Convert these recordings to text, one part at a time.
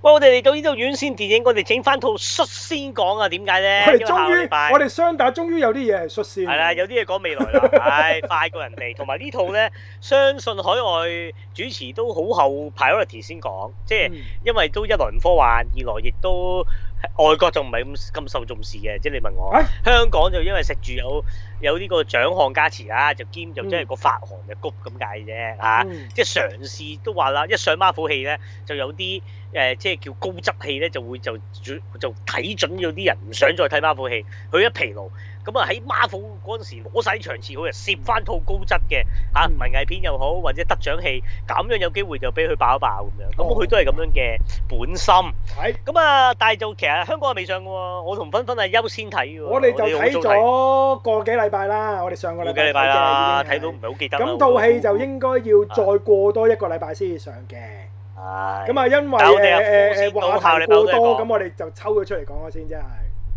喂，我哋嚟到呢度院線電影，我哋整翻套率先講啊？點解咧？我哋終於，我哋雙打終於有啲嘢係率先。係啦，有啲嘢講未來，係快 過人哋。同埋呢套咧，相信海外主持都好後 priority 先講，即係因為都一來唔科幻，二來亦都外國就唔係咁咁受重視嘅。即係你問我，啊、香港就因為食住有。有呢個獎項加持啦、啊，就兼就真係個發行嘅谷咁解啫嚇，嗯、即係嘗試都話啦，一上孖腐戲咧，就有啲誒、呃、即係叫高質戲咧，就會就就睇準咗啲人唔想再睇孖腐戲，佢一疲勞。咁啊喺 Marvel 嗰陣時攞曬啲場次，佢又攝翻套高質嘅嚇，文藝片又好，或者得獎戲，咁樣有機會就俾佢爆一爆咁樣。咁佢都係咁樣嘅本心。係。咁啊，但係做其實香港係未上嘅喎，我同分分係優先睇嘅喎。我哋就睇咗個幾禮拜啦，我哋上個禮拜。個幾禮拜啦，睇到唔係好記得。咁套戲就應該要再過多一個禮拜先上嘅。係。咁啊，因為誒誒誒話題好多，咁我哋就抽咗出嚟講先，真係。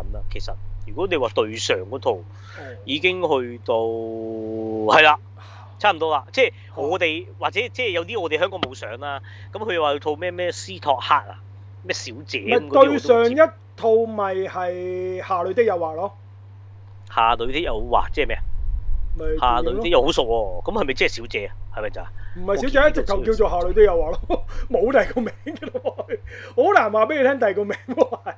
咁啦，其實如果你話對上嗰套、嗯、已經去到係啦，差唔多啦，即係我哋、嗯、或者即係有啲我哋香港冇上啦，咁佢又話套咩咩斯托克啊，咩、啊、小姐？對上一套咪係下女的誘惑咯，下女的誘惑即係咩啊？下女的誘惑好熟喎，咁係咪即係小姐啊？係咪就是？唔係小姐，一直就叫做下女都有話咯，冇第二個名嘅咯，好難話俾你聽第二個名。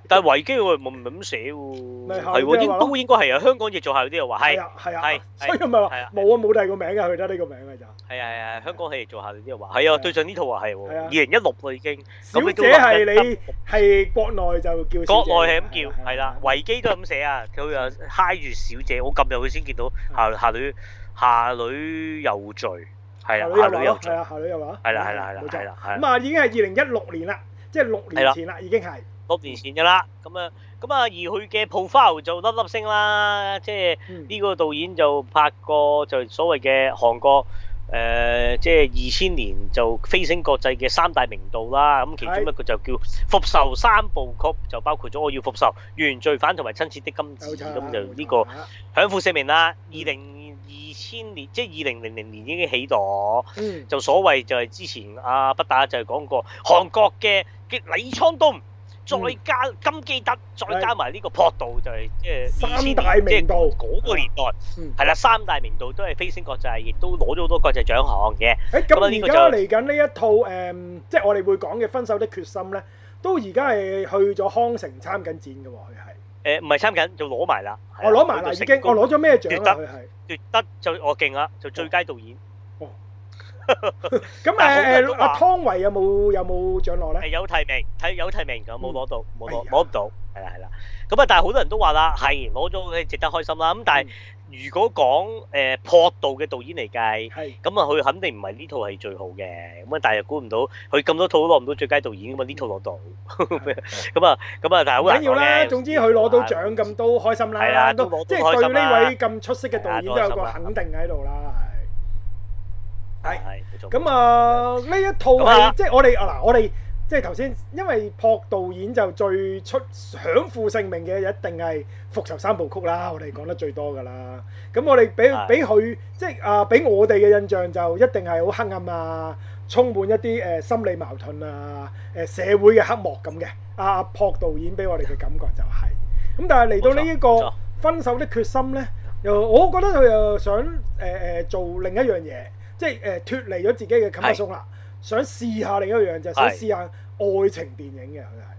但係維基我唔明點寫喎，係喎，都應該係啊。香港亦做下女都有話，係啊係啊，所以唔係話冇啊冇第二個名啊，佢得呢個名啊就。係啊係啊係，香港係做下女都有話，係啊，對上呢套話係喎，二零一六咯已經。小姐係你係國內就叫。國內係咁叫，係啦，維基都係咁寫啊，佢有揩住小姐，我今日先見到下下女下女有罪。係啊，下女係啊，下女係啦，係啦，係啦，係咁啊，已經係二零一六年啦，即係六年前啦，已經係。六年前噶啦，咁啊，咁啊，而佢嘅 profile 就粒粒聲啦，即係呢個導演就拍過就所謂嘅韓國誒，即係二千年就飛升國際嘅三大名導啦，咁其中一個就叫《復仇三部曲》，就包括咗《我要復仇》、《原罪犯》同埋《親切的金子》，咁就呢個享富四名啦，二零。千年即係二零零零年已經起咗，嗯、就所謂就係之前阿不、啊、打就係講過韓國嘅嘅李滄東，嗯、再加金基德，再加埋呢個朴導，嗯、就係即係三大名導嗰個年代，係啦、嗯，三大名導都係飛升國際，亦都攞咗好多國際獎項嘅。誒咁而家嚟緊呢一套誒，即、嗯、係、就係、我哋會講嘅《分手的決心》咧，都而家係去咗康城參緊展嘅喎，佢係。誒唔係參緊就攞埋啦，我攞埋啦已經，我攞咗咩獎啊？係奪得就我勁啦，就最佳導演。咁誒，阿湯唯有冇有冇獎攞咧？誒有提名，睇有提名，但係冇攞到，冇攞，攞唔到，係啦係啦。咁啊，但係好多人都話啦，係攞咗，值得開心啦。咁但係。如果講誒朴導嘅導演嚟計，咁啊佢肯定唔係呢套係最好嘅，咁啊但係估唔到佢咁多套都攞唔到最佳導演，咁啊呢套攞到，咁啊咁啊，但係好緊要啦。總之佢攞到獎咁都開心啦，都即係對呢位咁出色嘅導演都有個肯定喺度啦，係。係。咁啊呢一套係即係我哋嗱我哋。即係頭先，因為朴導演就最出享負盛名嘅，一定係《復仇三部曲》啦，我講啦、mm. 嗯。我哋講得最多㗎啦。咁我哋俾俾佢，即係、呃、啊，俾我哋嘅印象就一定係好黑暗啊，充滿一啲誒、呃、心理矛盾啊，誒、呃、社會嘅黑幕咁嘅、mm. 啊。阿朴樸導演俾我哋嘅感覺就係，咁但係嚟到呢一個分手的決心咧，又、嗯、錯我覺得佢又想誒誒、呃、做另一樣嘢，即係誒脫離咗自己嘅<是 >comfort zone 啦，想試下另一樣就想試下。愛情電影嘅佢係，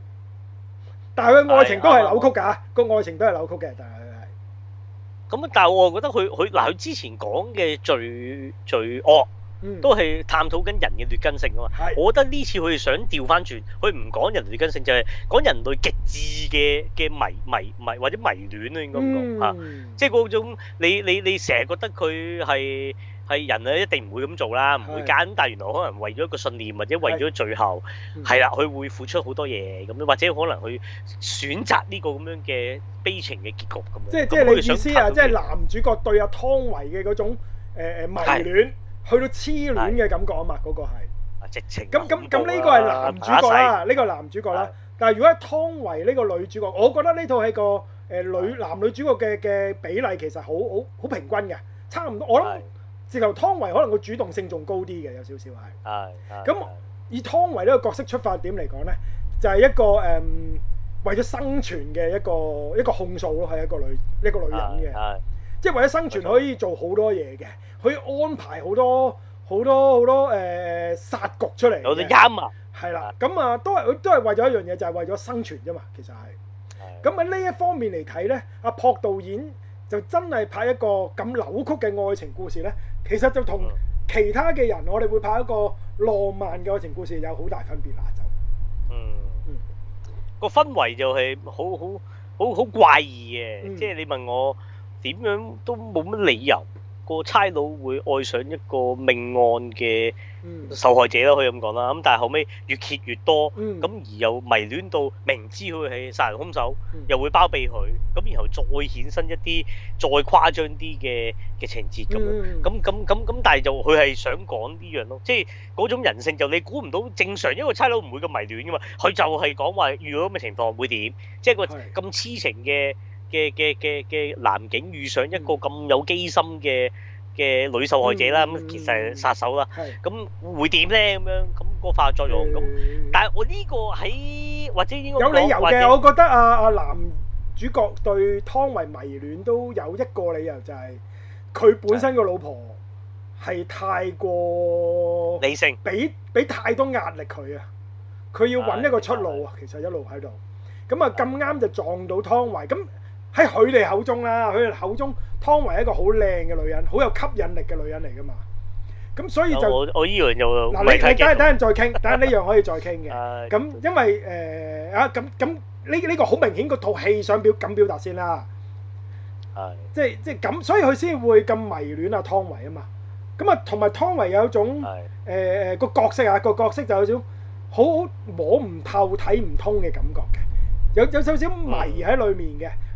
但係佢愛情都係扭曲噶個愛情都係扭曲嘅。但係佢係，咁但係我我覺得佢佢嗱佢之前講嘅罪罪惡，都係探討緊人嘅劣根性啊嘛。我覺得呢次佢想調翻轉，佢唔講人嘅劣根性，就係講人類極致嘅嘅迷迷迷或者迷戀啦，應該咁講吓，即係嗰種你你你成日覺得佢係。係人咧一定唔會咁做啦，唔會揀。但係原來可能為咗個信念或者為咗最後係啦，佢會付出好多嘢咁，或者可能佢選擇呢個咁樣嘅悲情嘅結局咁。即係即係你意思啊？即係男主角對阿湯唯嘅嗰種誒誒迷戀，去到痴戀嘅感覺啊嘛，嗰個係直情。咁咁咁呢個係男主角啦，呢個男主角啦。但係如果係湯唯呢個女主角，我覺得呢套係個誒女男女主角嘅嘅比例其實好好好平均嘅，差唔多。我諗。直頭湯唯可能個主動性仲高啲嘅，有少少係。係。咁 以湯唯呢個角色出發點嚟講咧，就係、是、一個誒、嗯、為咗生存嘅一個一個控訴咯，係一個女一個女人嘅。係。 即係為咗生存可以做好多嘢嘅，可以安排好多好多好多誒、呃、殺局出嚟。好多啱啊！係 啦，咁啊都係都係為咗一樣嘢，就係、是、為咗生存啫嘛，其實係。咁喺呢一方面嚟睇咧，阿朴導演。就真係拍一個咁扭曲嘅愛情故事咧，其實就同其他嘅人，我哋會拍一個浪漫嘅愛情故事有好大分別啦，就嗯個氛圍就係好好好好怪異嘅，即係你問我點樣都冇乜理由。個差佬會愛上一個命案嘅受害者咯，可以咁講啦。咁但係後尾越揭越多，咁、嗯、而又迷戀到明知佢係殺人兇手，嗯、又會包庇佢。咁然後再衍生一啲再誇張啲嘅嘅情節咁。咁咁咁咁，但係就佢係想講呢樣咯，即係嗰種人性就你估唔到正常，因為差佬唔會咁迷戀噶嘛。佢就係講話遇到咁嘅情況會點，即係個咁痴情嘅。嘅嘅嘅嘅男警遇上一個咁有機心嘅嘅女受害者啦，咁其實係殺手啦，咁會點咧？咁樣咁個化學作用咁，但係我呢個喺或者應該有理由嘅，我覺得阿阿男主角對湯唯迷戀都有一個理由，就係佢本身個老婆係太過理性，俾俾太多壓力佢啊，佢要搵一個出路啊，其實一路喺度，咁啊咁啱就撞到湯唯咁。喺佢哋口中啦，佢哋口中湯唯係一個好靚嘅女人，好有吸引力嘅女人嚟㗎嘛。咁所以就我我依樣就嗱，你睇等下等下再傾，等下呢樣可以再傾嘅。咁因為誒啊，咁咁呢呢個好明顯，個套戲想表咁表達先啦。係即即咁，所以佢先會咁迷戀阿湯唯啊嘛。咁啊，同埋湯唯有種誒誒個角色啊，個角色就有少少好摸唔透、睇唔通嘅感覺嘅，有有少少迷喺裏面嘅。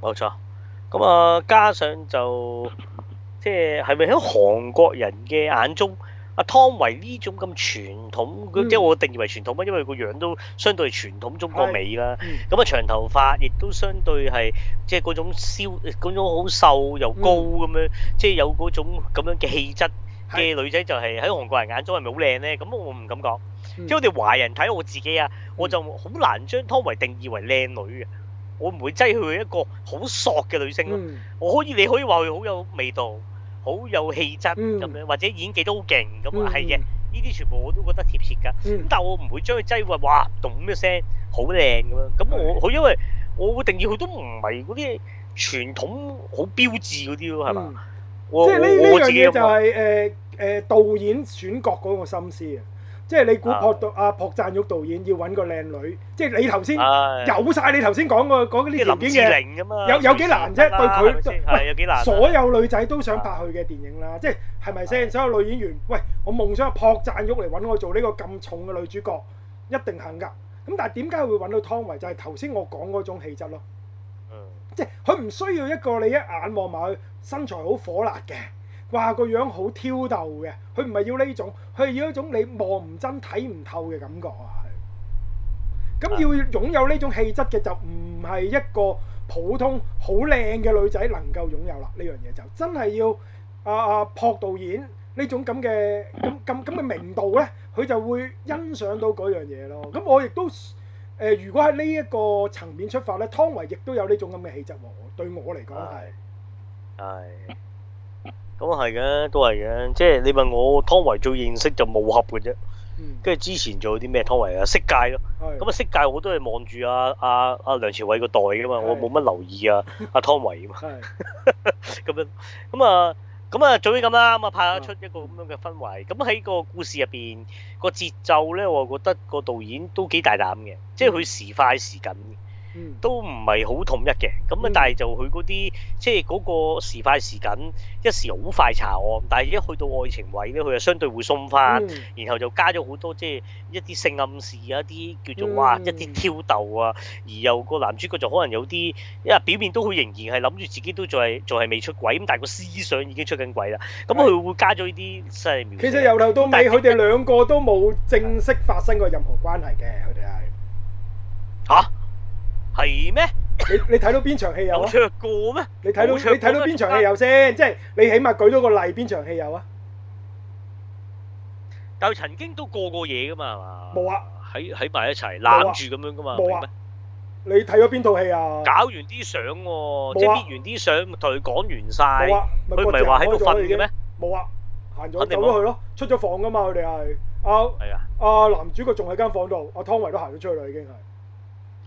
冇錯，咁啊加上就即係係咪喺韓國人嘅眼中，阿湯唯呢種咁傳統，即係、嗯、我定義為傳統乜？因為個樣都相對係傳統中國美啦。咁、嗯、啊長頭髮，亦都相對係即係嗰種燒嗰種好瘦又高咁、嗯、樣，即係有嗰種咁樣嘅氣質嘅女仔、就是，嗯、就係喺韓國人眼中係咪好靚咧？咁我唔敢講，即係、嗯嗯、我哋華人睇我自己啊，我就好難將湯唯定義為靚女嘅。我唔會擠佢一個好索嘅女星咯，嗯、我可以你可以話佢好有味道、好有氣質咁樣，嗯、或者演技都好勁咁，係嘅、嗯，呢啲、嗯、全部我都覺得貼切㗎。咁、嗯、但係我唔會將佢擠為哇，棟嘅聲好靚咁樣。咁我，佢、嗯、因為我會定義佢都唔係嗰啲傳統好標誌嗰啲咯，係嘛？嗯、我係呢呢就係誒誒導演選角嗰個心思，思。即係你估朴導阿朴贊郁導演要揾個靚女，即係你頭先有曬你頭先講個嗰啲條件嘅，有有幾難啫？對佢，喂，所有女仔都想拍佢嘅電影啦，即係係咪先？所有女演員，喂，我夢想阿朴贊郁嚟揾我做呢個咁重嘅女主角，一定肯㗎。咁但係點解會揾到湯唯？就係頭先我講嗰種氣質咯。嗯。即係佢唔需要一個你一眼望埋去身材好火辣嘅。話個樣好挑逗嘅，佢唔係要呢種，佢係要一種你望唔真、睇唔透嘅感覺啊！咁要擁有呢種氣質嘅，就唔係一個普通好靚嘅女仔能夠擁有啦。呢樣嘢就真係要阿阿、啊啊、朴導演呢種呢呢種咁嘅咁咁咁嘅名導呢，佢就會欣賞到嗰樣嘢咯。咁我亦都、呃、如果喺呢一個層面出發呢，湯唯亦都有呢種咁嘅氣質喎。對我嚟講係。係。I 咁啊，係嘅、嗯，都係嘅。即係你問我湯唯最認識就武俠嘅啫。跟住之前做啲咩湯唯啊？色戒咯。咁的啊，色戒我都係望住阿阿阿梁朝偉個袋噶嘛，我冇乜留意啊阿湯唯啊。係、啊。咁 的 樣，咁、嗯、啊，咁啊，總之咁啦，咁啊，拍得出一個咁樣嘅氛圍。咁喺個故事入邊、個節奏咧，我覺得個導演都幾大膽嘅，即係佢時快時緊。嗯都唔係好統一嘅咁啊，但係就佢嗰啲即係嗰個時快時緊，一時好快查案，但係一去到愛情位咧，佢就相對會鬆返，嗯、然後就加咗好多即係一啲性暗示啊，一啲叫做哇一啲挑逗啊，而又個男主角就可能有啲，因為表面都佢仍然係諗住自己都仲係仲係未出軌，咁但係個思想已經出緊軌啦。咁佢的會加咗呢啲真其實由頭到尾，佢哋是兩個都冇正式發生過任何關係嘅。佢哋係嚇。啊。係咩？你你睇到邊場戲有啊？有出過咩？你睇到你睇到邊場戲有先？即係你起碼舉咗個例，邊場戲有啊？但係曾經都過過嘢噶嘛，係嘛？冇啊！喺喺埋一齊攬住咁樣噶嘛？冇啊！你睇咗邊套戲啊？搞完啲相，即係搣完啲相，同佢講完晒。冇啊！佢唔係話喺度瞓嘅咩？冇啊！行咗咗去咯，出咗房噶嘛？佢哋係啊啊男主角仲喺間房度，阿湯唯都行咗出去啦，已經係。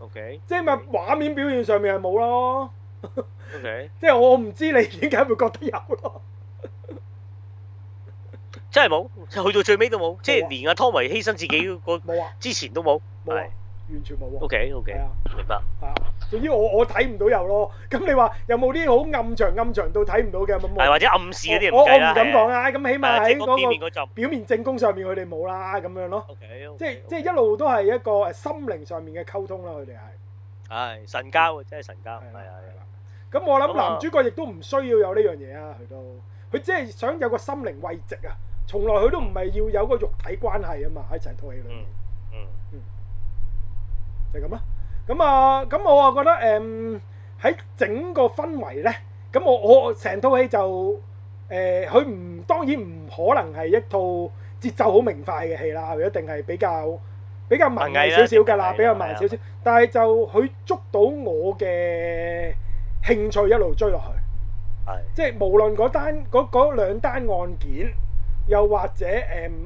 O、okay, K，okay. 即係咪畫面表現上面係冇咯？O K，即係我唔知你點解會覺得有咯？Okay. 真係冇，去到最尾都冇，啊、即係連阿湯唯犧牲自己嗰個冇啊！之前都冇，冇、啊，完全冇、啊。O K，O K，明白。總之我我睇唔到有咯，咁你話有冇啲好暗場暗場到睇唔到嘅？有冇或者暗示嗰啲唔計啦。我我唔敢講啊，咁起碼喺嗰個表面正宮上面佢哋冇啦，咁樣咯。即係即係一路都係一個誒心靈上面嘅溝通啦，佢哋係。係神交，真係神交。係啊係啦。咁我諗男主角亦都唔需要有呢樣嘢啊，佢都佢只係想有個心靈慰藉啊，從來佢都唔係要有個肉體關係啊嘛，喺成套戲裏面。嗯嗯嗯。就咁啦。咁啊，咁、嗯、我啊覺得誒，喺、嗯、整個氛圍呢，咁我我成套戲就誒，佢、呃、唔當然唔可能係一套節奏好明快嘅戲啦，一定係比較比較慢，少少嘅啦，比較慢少少。但係就佢捉到我嘅興趣一路追落去，的即係無論嗰單嗰兩單案件，又或者誒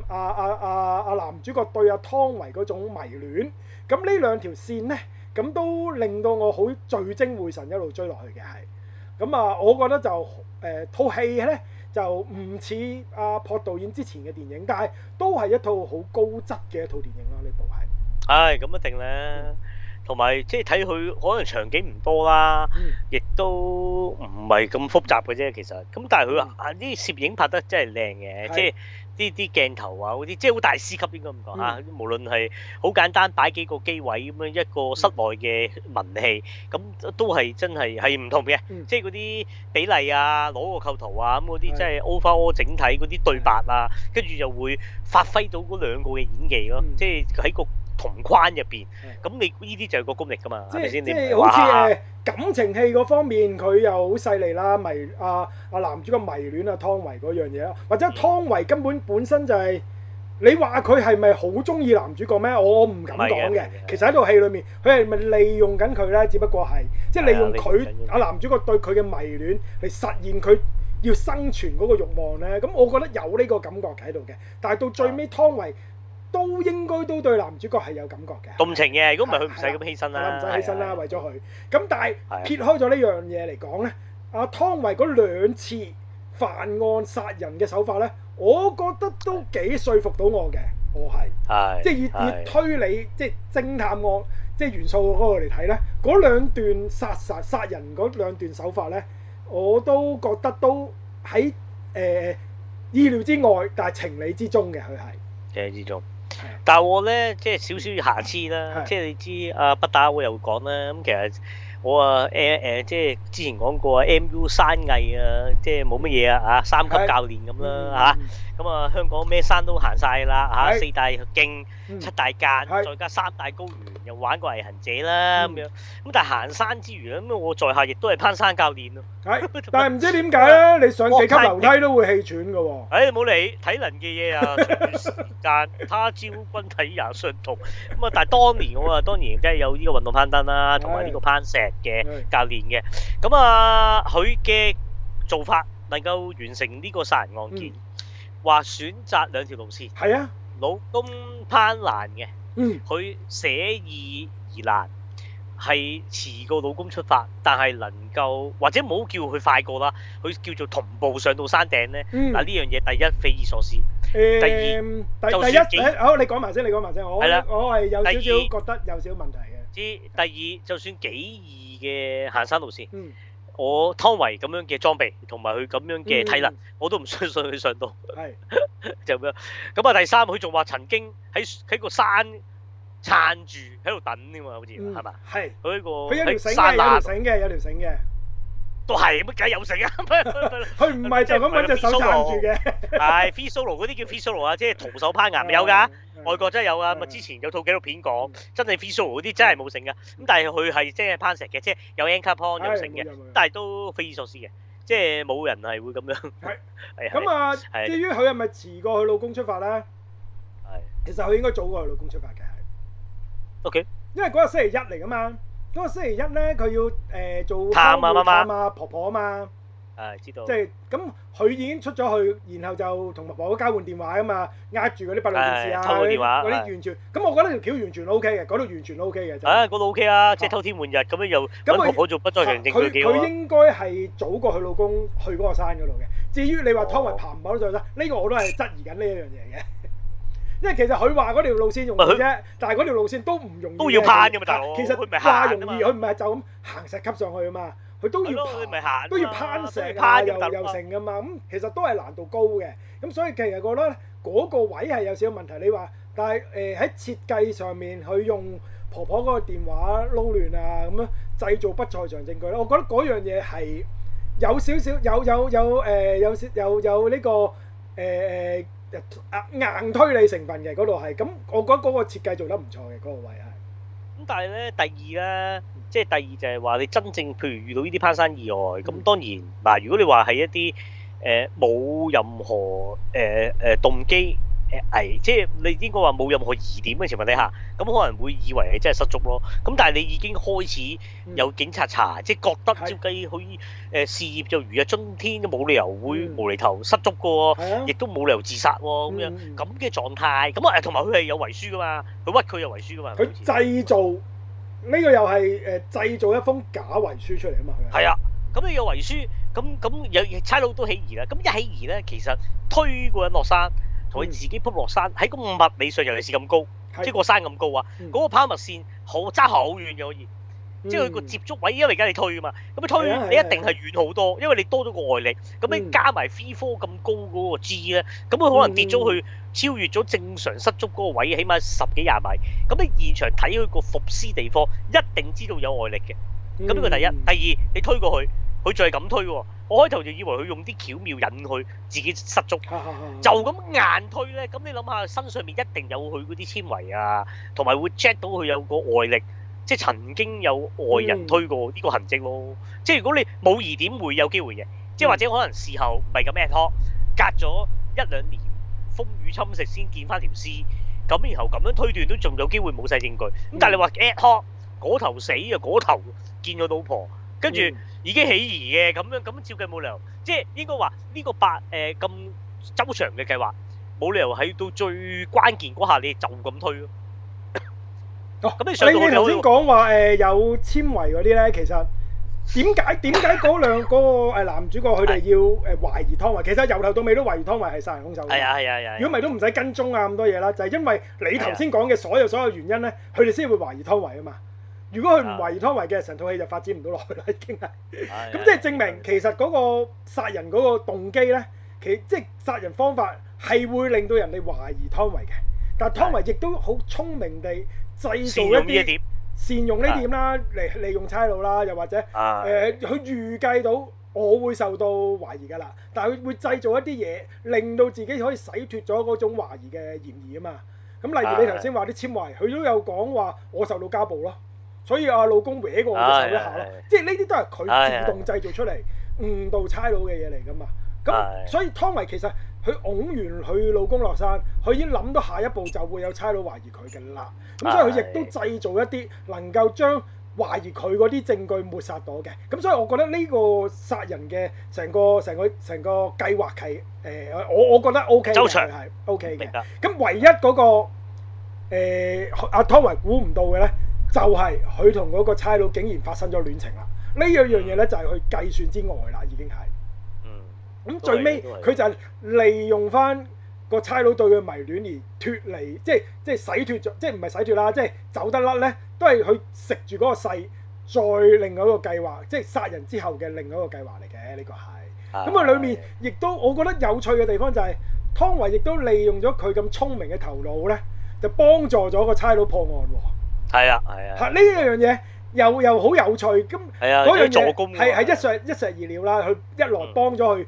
阿阿阿阿男主角對阿、啊、湯唯嗰種迷戀，咁呢兩條線呢。咁都令到我好聚精會神一路追落去嘅，係。咁、嗯、啊，我覺得就誒套戲咧就唔似阿朴導演之前嘅電影，但係都係一套好高質嘅一套電影啦，呢部係。唉、哎，咁一定啦。同埋、嗯、即係睇佢可能場景唔多啦，亦、嗯、都唔係咁複雜嘅啫，其實。咁但係佢話啊啲攝影拍得真係靚嘅，嗯、即係。啲啲鏡頭啊，嗰啲即係好大師級，應該咁講吓。嗯、無論係好簡單擺幾個機位咁樣一個室內嘅文戲，咁、嗯、都係真係係唔同嘅。嗯、即係嗰啲比例啊，攞個構圖啊，咁嗰啲即係 overall 整體嗰啲對白啊，跟住就會發揮到嗰兩個嘅演技咯。嗯、即係喺個。同框入邊，咁你呢啲就係個功力㗎嘛，係咪先？即係即係好似誒哇感情戲嗰方面，佢又好犀利啦，迷阿阿、啊、男主角迷戀阿湯唯嗰樣嘢，或者湯唯根本，本本身就係、係、你話佢係咪好中意男主角咩？我唔敢講嘅，其實喺套戲裏面，佢係咪利用緊佢咧？只不過係的即係利用佢阿男主角對佢嘅迷戀嚟實現佢要生存嗰個慾望咧。咁我覺得有呢個感覺喺度嘅，但係到最尾湯唯。湯都應該都對男主角係有感覺嘅，動情嘅。如果唔係佢唔使咁犧牲啦，唔使犧牲啦，為咗佢。咁但係撇開咗呢樣嘢嚟講咧，阿湯唯嗰兩次犯案殺人嘅手法咧，我覺得都幾說服到我嘅。我係，即係以以推理，即係偵探案，即係元素嗰個嚟睇咧，嗰兩段殺殺殺人嗰兩段手法咧，我都覺得都喺誒意料之外，但係情理之中嘅。佢係情理之中。但係我咧，即係少少瑕疵啦。嗯、即係你知啊。不打我又會講啦。咁、嗯、其實我啊，誒、呃、誒、呃，即係之前講過啊，M U 山藝啊，即係冇乜嘢啊，吓三級教練咁啦，吓、嗯。啊嗯咁啊，香港咩山都行晒啦吓，四大徑、七大格，再加三大高原，又玩過毅行者啦咁樣。咁但係行山之餘咧，咁我在下亦都係攀山教練咯。係，但係唔知點解咧，你上幾級樓梯都會氣喘嘅喎。誒，冇理體能嘅嘢啊，但，他朝君體也相同。咁啊，但係當年我啊，當然即係有呢個運動攀登啦，同埋呢個攀石嘅教練嘅。咁啊，佢嘅做法能夠完成呢個殺人案件。話選擇兩條路線，係啊、嗯，老公攀難嘅，嗯，佢寫意而難，係遲過老公出發，但係能夠或者唔好叫佢快過啦，佢叫做同步上到山頂咧。嗱呢、嗯啊、樣嘢第一匪夷所思。第二，嗯嗯、第一、哎、好，你講埋先，你講埋先，我、啊、我係有少少覺得有少少問題嘅。之第二，第二就算幾易嘅行山路線。嗯嗯我湯唯咁樣嘅裝備同埋佢咁樣嘅體能，嗯、我都唔相信佢上到。係是 就咁樣。咁啊，第三佢仲話曾經喺喺個山撐住喺度等㗎嘛，好似係咪？係佢呢個佢有條繩嘅，有條繩嘅。都係，乜鬼有繩啊？佢唔係就咁揾隻手撐住嘅。係，free solo 嗰啲叫 free solo 啊，即係徒手攀岩有噶。外國真係有噶，咁啊之前有套紀錄片講，真正 free solo 嗰啲真係冇繩嘅。咁但係佢係即係攀石嘅，即係有 anchor point 有繩嘅，但係都匪夷所思嘅。即係冇人係會咁樣。係。咁啊，至於佢係咪遲過佢老公出發咧？係。其實佢應該早過佢老公出發嘅。OK。因為嗰日星期一嚟㗎嘛。嗰個星期一咧，佢要誒做探啊探婆婆啊嘛，係知道，即係咁佢已經出咗去，然後就同婆婆交換電話啊嘛，壓住嗰啲不良電視啊，嗰啲完全，咁我覺得條橋完全 O K 嘅，嗰度完全 O K 嘅就，啊嗰度 O K 啊，即係偷天換日咁樣又揾婆婆做不再人證，佢佢應該係早過佢老公去嗰個山嗰度嘅。至於你話湯唯爬唔到再得，呢個我都係質疑緊呢一樣嘢嘅。因為其實佢話嗰條路線容易啫，但係嗰條路線都唔容易。都要攀嘅嘛，大佬。其實佢容易，佢唔係就咁行石級上去啊嘛。佢都要攀，都要攀石啊，又又成嘅嘛。咁其實都係難度高嘅。咁所以其實我覺得嗰個位係有少少問題。你話，但係誒喺設計上面佢用婆婆嗰個電話撈亂啊咁樣製造不在場證據咧，我覺得嗰樣嘢係有少少有有有誒有有有呢個誒誒。硬硬推理成分嘅嗰度係，咁我覺得嗰個設計做得唔錯嘅嗰個位係。咁但係咧，第二咧，即係第二就係話你真正譬如遇到呢啲攀山意外，咁當然嗱，如果你話係一啲誒冇任何誒誒動機。誒係，即係你應該話冇任何疑點嘅情況底下，咁可能會以為你真係失足咯。咁但係你已經開始有警察查，即係覺得照計佢誒事業就如日中天，都冇理由會無厘頭失足嘅喎，亦都冇理由自殺喎咁樣咁嘅狀態。咁啊，同埋佢係有遺書㗎嘛，佢屈佢有遺書㗎嘛，佢製造呢個又係誒製造一封假遺書出嚟啊嘛，係啊，咁你有遺書，咁咁有差佬都起疑啦。咁一起疑咧，其實推過人落山，同佢自己撲落山，喺個物理上尤其是咁高，是的 即係、嗯、個山咁高啊，嗰個拋物線可揸好遠嘅可以，嗯、即係佢個接觸位，因為而家你推啊嘛，咁你推你一定係遠好多，因為你多咗個外力，咁你加埋 three four 咁高嗰個 g 咧，咁佢可能跌咗去超越咗正常失足嗰個位，起碼十幾廿米，咁你現場睇佢個伏屍地方，一定知道有外力嘅，咁呢個第一，嗯、第二你推過去。佢再係咁推喎，我開頭就以為佢用啲巧妙引佢自己失足，就咁硬推咧。咁你諗下，身上面一定有佢嗰啲纖維啊，同埋會 check 到佢有個外力，即係曾經有外人推過呢個痕跡咯。嗯、即係如果你冇疑點，會有機會嘅。即係或者可能事後唔係咁 at h 託，嗯、隔咗一兩年風雨侵蝕先見翻條屍，咁然後咁樣推斷都仲有機會冇晒證據。咁但係你話 at h 託嗰頭死啊，嗰頭見咗老婆，跟住。嗯已經起疑嘅咁樣咁樣照計冇理由，即係應該話呢個八誒咁周長嘅計劃，冇理由喺到最關鍵嗰下你就咁推咯。哦，咁你上你頭先講話誒有纖維嗰啲咧，其實點解點解嗰兩嗰個誒男主角佢哋要誒懷疑湯唯？其實由頭到尾都懷疑湯唯係殺人兇手。係啊係啊係啊！如果唔係都唔使跟蹤啊咁多嘢啦，就係因為你頭先講嘅所有所有原因咧，佢哋先會懷疑湯唯啊嘛。如果佢唔懷疑湯唯嘅，成、啊、套戲就發展唔到落去啦，已經啦。咁 即係證明其實嗰個殺人嗰個動機咧，其即係殺人方法係會令到人哋懷疑湯唯嘅。但湯唯亦都好聰明地製造一啲善用呢啲點,點啦，嚟利、啊、用差佬啦，又或者誒，佢、啊呃、預計到我會受到懷疑噶啦。但係佢會製造一啲嘢，令到自己可以洗脱咗嗰種懷疑嘅嫌疑啊嘛。咁例如你頭先話啲纖維，佢都有講話我受到家暴咯。所以阿老公搲過我手一下咯，哎、呀 即係呢啲都係佢自動製造出嚟誤導差佬嘅嘢嚟噶嘛。咁、哎呀 嗯、所以湯唯其實佢擁完佢老公落山，佢已經諗到下一步就會有差佬懷疑佢嘅啦。咁、嗯、所以佢亦都製造一啲能夠將懷疑佢嗰啲證據抹殺到嘅。咁、嗯、所以我覺得呢個殺人嘅成個成個成個計劃係誒、呃、我我覺得 O、okay、K。周詳係 O K 嘅。咁、okay 嗯、唯一嗰、那個誒阿、呃啊、湯唯估唔到嘅咧？就係佢同嗰個差佬竟然發生咗戀情啦！呢樣樣嘢呢，就係佢計算之外啦，已經係咁，最尾佢就係利用翻個差佬對佢迷戀而脫離，即係即係洗脱咗，即係唔係洗脱啦，即係走得甩呢，都係佢食住嗰個勢，再另外一個計劃，即係殺人之後嘅另外一個計劃嚟嘅呢個係咁啊！嗯、裡面、嗯、亦都我覺得有趣嘅地方就係湯唯亦都利用咗佢咁聰明嘅頭腦呢，就幫助咗個差佬破案喎。係啊，係啊，嚇呢一樣嘢又又好有趣，咁嗰樣嘢係係一石一石二鳥啦，佢一來幫咗佢誒誒誒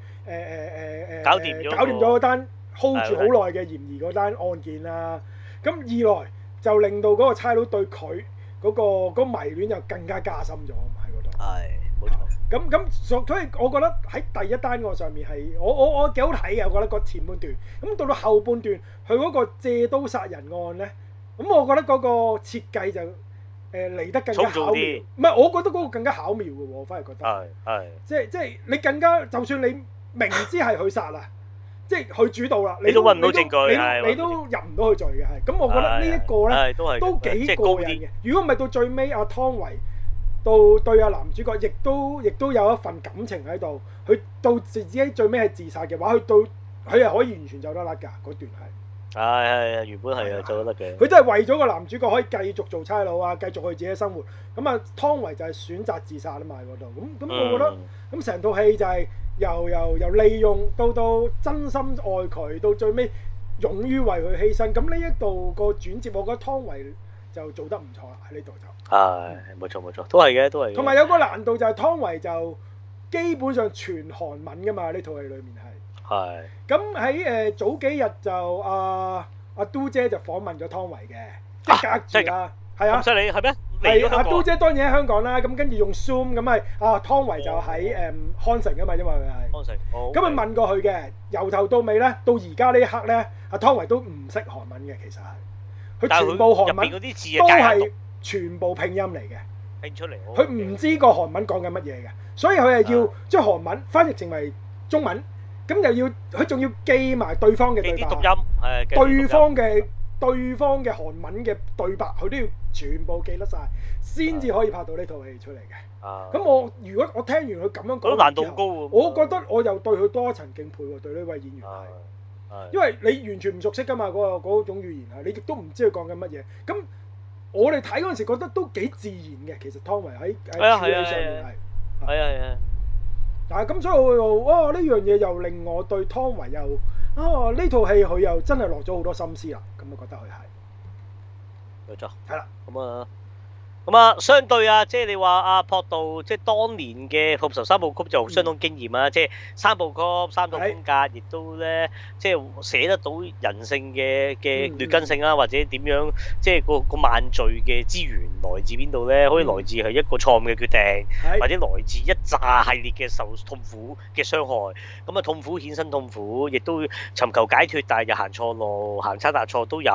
誒，搞掂咗，搞掂咗嗰單 hold 住好耐嘅嫌疑嗰單案件啦。咁二來就令到嗰個差佬對佢嗰個嗰迷戀又更加加深咗喺嗰度。係，冇錯。咁咁所所以，我覺得喺第一單案上面係我我我幾好睇啊！我覺得個前半段，咁到到後半段，佢嗰個借刀殺人案咧。咁、嗯、我覺得嗰個設計就誒、呃、嚟得更加巧妙，唔係我覺得嗰個更加巧妙嘅喎，我反而覺得係係、哎哎，即係即係你更加，就算你明知係佢殺啦， 即係佢主導啦，你，你都揾唔到證據，你都入唔到去罪嘅，係、嗯、咁，我覺得呢、哎哎、一個咧都幾過癮嘅。如果唔係到最尾阿湯唯到對阿、啊、男主角亦，亦都亦都有一份感情喺度，佢到自己最尾係自殺嘅話，佢到佢係可以完全以走得甩㗎，嗰段係。係係啊，原本係啊，的做得得嘅。佢都係為咗個男主角可以繼續做差佬啊，繼續去自己生活。咁啊，湯唯就係選擇自殺啊嘛，嗰度。咁咁，我覺得咁成套戲就係由由由利用到到真心愛佢，到最尾勇於為佢犧牲。咁呢一度個轉接，我覺得湯唯就做得唔錯啦喺呢度就。係冇錯冇錯，都係嘅都係。同埋有個難度就係湯唯就基本上全韓文㗎嘛呢套戲裡面。係咁喺，誒早幾日就阿阿都姐就訪問咗湯唯嘅，即隔住啊，係啊，唔你係咩？阿都姐當然喺香港啦，咁跟住用 Zoom 咁咪啊，湯唯就喺誒康城啊嘛，因為佢係康城，咁咪問過佢嘅由頭到尾咧，到而家呢一刻咧，阿湯唯都唔識韓文嘅，其實係佢全部韓文啲字都係全部拼音嚟嘅，拼出嚟，佢唔知個韓文講緊乜嘢嘅，所以佢係要將韓文翻譯成為中文。咁又要佢仲要記埋對方嘅對白，音，誒，對方嘅對方嘅、嗯、韓文嘅對白，佢都要全部記得晒先至可以拍到呢套戲出嚟嘅。咁、嗯、我如果我聽完佢咁樣講，我都難度高，我覺得我又對佢多一層敬佩喎，對呢位演員，係、嗯，嗯嗯、因為你完全唔熟悉㗎嘛，嗰個嗰種語言啊，你亦都唔知佢講緊乜嘢。咁我哋睇嗰陣時覺得都幾自然嘅，其實湯唯喺喺 TV 上面係。嗯嗯嗯嗯嗯嗯嗯但嗱咁所以我又，哦、啊，呢樣嘢又令我對湯唯又啊，呢套戲佢又真係落咗好多心思啦。咁我覺得佢係，繼續，冇錯。係啦，咁啊。咁啊，相對啊，即、就、係、是、你話阿、啊、朴導即係、就是、當年嘅復仇三部曲就相當驚豔啊！即係、嗯、三部曲、三套風格，亦都咧，即係寫得到人性嘅嘅劣根性啊，或者點樣即係、就是、個個萬罪嘅資源來自邊度咧？可以來自係一個錯誤嘅決定，嗯、或者來自一紮系列嘅受痛苦嘅傷害。咁啊，痛苦，痛苦衍生痛苦，亦都尋求解脫，但係就行錯路、行差踏錯都有。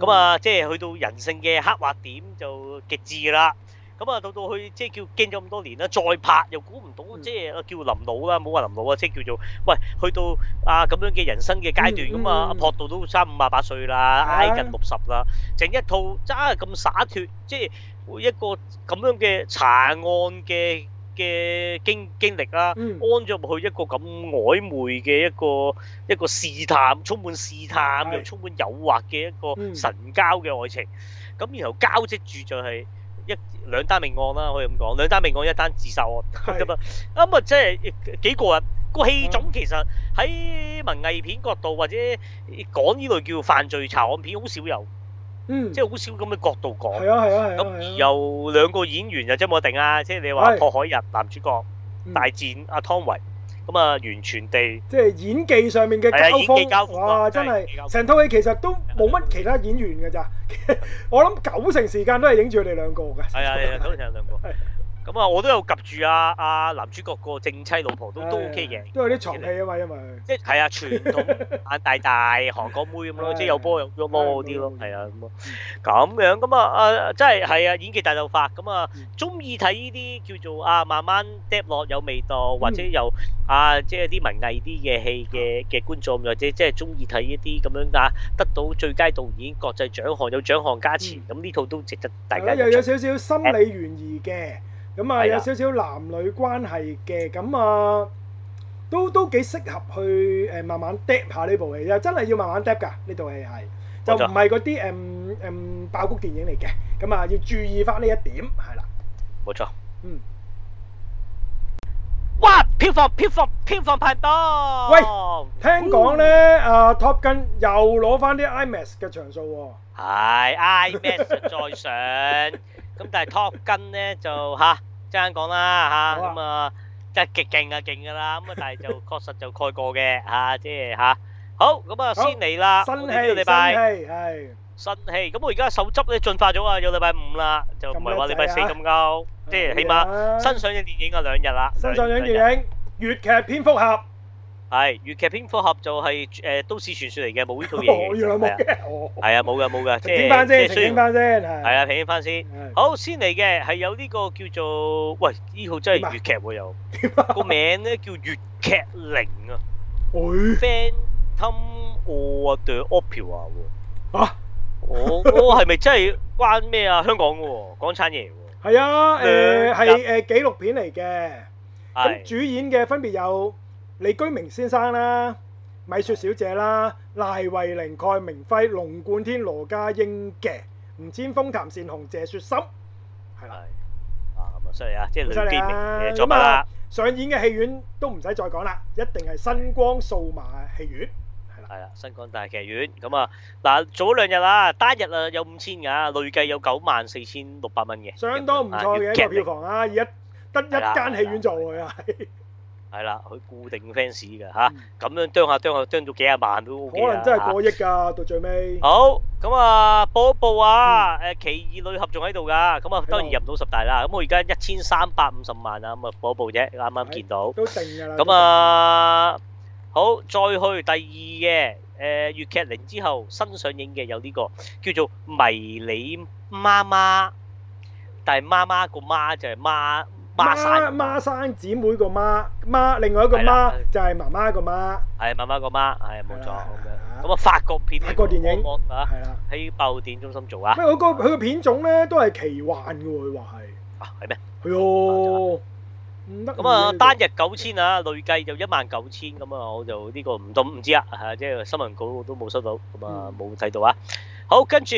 咁啊，即係去到人性嘅刻畫點就極致。啦咁啊，到到去即係叫經咗咁多年啦，再拍又估唔到，即係叫臨老啦，冇話臨老啊，即係叫做喂，去到啊咁樣嘅人生嘅階段咁啊，朴導都差五啊八歲啦，挨近六十啦，整一套真係咁灑脫，即係一個咁樣嘅查案嘅嘅經經歷啦，安咗入去一個咁曖昧嘅一個一個試探，充滿試探又充滿誘惑嘅一個神交嘅愛情，咁然後交織住就係。一兩單命案啦、啊，可以咁講，兩單命案，一單自殺案。咁啊，咁啊，即係幾個人，個戲種其實喺文藝片角度或者講呢類叫犯罪查案片好少有，嗯、即係好少咁嘅角度講，係啊係啊係啊，咁由又兩個演員又即係冇定啊，即係你話朴是、啊、海日男主角大戰阿湯唯。咁啊，完全地，即係演技上面嘅交鋒，交哇！真係成套戲其實都冇乜其他演員嘅咋， 我諗九成時間都係影住佢哋兩個嘅，係啊，九成係兩個。的咁啊，我都有及住啊啊男主角個正妻老婆都都 OK 嘅，都有啲床戲啊嘛，因為即係啊傳統眼大大韓國妹咁咯，即係有波有肉摸啲咯，係啊咁啊咁樣咁啊啊真係係啊演技大鬥法咁啊，中意睇呢啲叫做啊慢慢跌落有味道，或者有啊即係啲文藝啲嘅戲嘅嘅觀眾，或者即係中意睇一啲咁樣啊得到最佳導演國際獎項有獎項加持，咁呢套都值得大家又有少少心理懸疑嘅。咁啊，有少少男女關係嘅，咁啊，都都幾適合去誒慢慢 drop 下呢部戲，又真係要慢慢 drop 噶，呢套戲係，就唔係嗰啲誒誒爆谷電影嚟嘅，咁啊要注意翻呢一點係啦，冇錯，嗯，哇，票房票房票房派到，喂，聽講咧啊，Top Gun 又攞翻啲 IMAX 嘅場數喎，係 IMAX 再上。咁但係拖更咧就嚇，即係講啦嚇，咁啊即係極勁啊勁㗎啦，咁啊但係就確實就蓋過嘅嚇，即係嚇。好，咁啊先嚟啦，呢個禮拜，新戲係新戲，咁我而家手執咧進化咗啊，要禮拜五啦，就唔係話禮拜四咁鳩，即係起碼新上映電影啊兩日啦，新上映電影粵劇蝙蝠俠。係粵劇蝙蝠俠就係誒都市傳說嚟嘅，冇呢套嘢係啊冇嘅冇嘅，即係即係重影翻先係啊，重影翻先好先嚟嘅係有呢個叫做喂呢套真係粵劇又個名咧叫粵劇零啊，Phantom of the Opera 啊，我我係咪真係關咩啊香港嘅喎，港產嘢係啊誒係誒紀錄片嚟嘅，咁主演嘅分別有。李居明先生啦，米雪小姐啦，賴慧玲、蓋明輝、龍冠天、羅家英嘅，吳千鋒、譚善紅、謝雪心，係啦，啊咁犀利啊，即係女演員嘅咗啦。上演嘅戲院都唔使再講啦，一定係新光數碼戲院，係啦，係啦，新光大劇院咁啊，嗱，早兩日啊，單日啊有五千噶，累計有九萬四千六百蚊嘅，相當唔錯嘅一個票房啊，而家得一間戲院做又係。係啦，佢固定 fans 嘅嚇，咁樣啄下啄下啄到幾廿萬都 O K 啦。可能真係過億㗎，到最尾。好，咁啊，報一報啊，誒，奇異女俠仲喺度㗎，咁啊當然入唔到十大啦。咁我而家一千三百五十萬啊，咁啊報一報啫，啱啱見到。都定㗎啦。咁啊，好，再去第二嘅，誒，粵劇零之後新上映嘅有呢個叫做《迷你媽媽》，但係媽媽個媽就係媽。孖生孖生姊妹個媽媽，另外一個媽就係媽媽個媽，係媽媽個媽，係冇錯。咁啊，法國片，法國電影，係啦，喺爆號電影中心做啊。不過個佢個片種咧都係奇幻嘅，佢話係。啊，係咩？係咯，唔得。咁啊，單日九千啊，累計就一萬九千。咁啊，我就呢個唔懂，唔知啊。吓，即係新聞稿都冇收到，咁啊冇睇到啊。好跟住。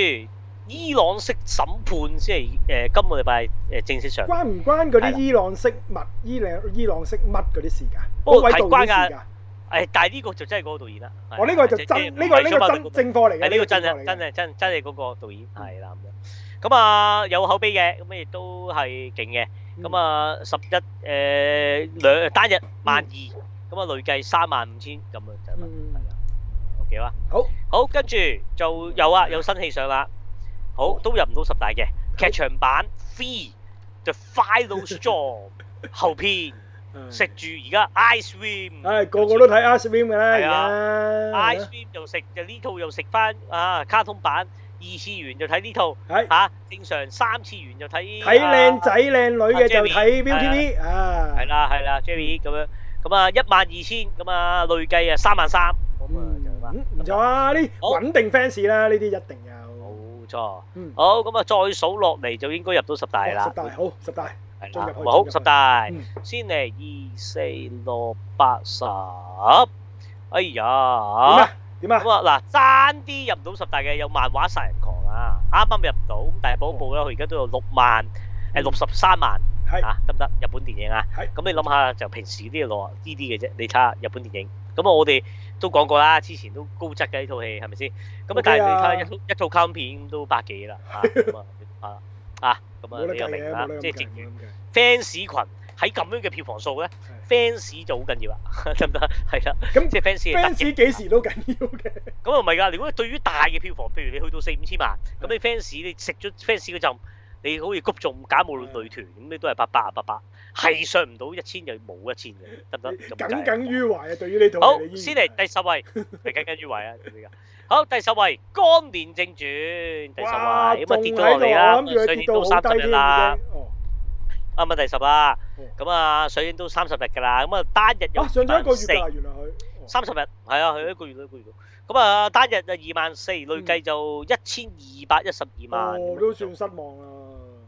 伊朗式審判即係誒今個禮拜誒正式上。關唔關嗰啲伊朗式乜？伊朗伊朗式乜嗰啲事㗎？我係關㗎。誒，但係呢個就真係嗰個導演啦。我呢個就真，呢個呢個真正貨嚟㗎。係呢個真啊！真啊！真真係嗰個導演。係啦。咁啊有口碑嘅，咁亦都係勁嘅。咁啊十一誒兩單日萬二，咁啊累計三萬五千咁樣。嗯。係啊。幾啊？好。好，跟住就有啊，有新戲上啦。好，都入唔到十大嘅劇場版 Free 就 Final Stroke 後篇，食住而家 I SWIM，誒個個都睇 I SWIM 嘅咧，I SWIM 就食就呢套又食翻啊，卡通版二次元就睇呢套吓，正常三次元就睇睇靚仔靚女嘅就睇 ViuTV 啊，係啦，係啦，Jerry 咁樣。咁啊，一萬二千，咁啊，累計啊,三萬三，咁啊，唔錯啊，呢穩定 fans 啦，呢啲一定嘅。錯，嗯，好，咁啊，再數落嚟，就應該入到十大啦。十大，好，十大，係啦，好，十大，先嚟，二四六八十，哎呀，點啊？點啊？咁啊，嗱，爭啲入唔到十大嘅有漫畫殺人狂啊，啱啱入唔到，但係嗰部咧，佢而家都有六萬，誒，六十三萬，係啊，得唔得？日本電影啊，係，咁你諗下就平時啲攞呢啲嘅啫，你睇下日本電影。咁啊，我哋都講過啦，之前都高質嘅呢套戲，係咪先？咁啊，但係你睇一一套卡通片都百幾啦，嚇咁啊，係啊咁啊，你又明啦，即係正經 fans 群喺咁樣嘅票房數咧，fans 就好緊要啦，得唔得？係啦，即係 fans 幾時都緊要嘅。咁又唔係噶，如果你對於大嘅票房，譬如你去到四五千萬，咁你 fans 你食咗 fans 嗰陣，你好似谷仲假冇女團，咁你都係八百、啊八百。係上唔到一千，就冇一千嘅，得唔得？耿耿於懷啊！對於你同我嚟依啲。好，先嚟第十位，你耿耿於懷啊！好，第十位，光年正傳，第十位，咁啊跌咗落嚟啦，咁啊上年都三十日啦。啱啱第十啦，咁啊上年都三十日㗎啦，咁啊單日又二萬四，三十日係啊，佢一個月都一個月到。咁啊單日就二萬四，累計就一千二百一十二萬。我都算失望啊！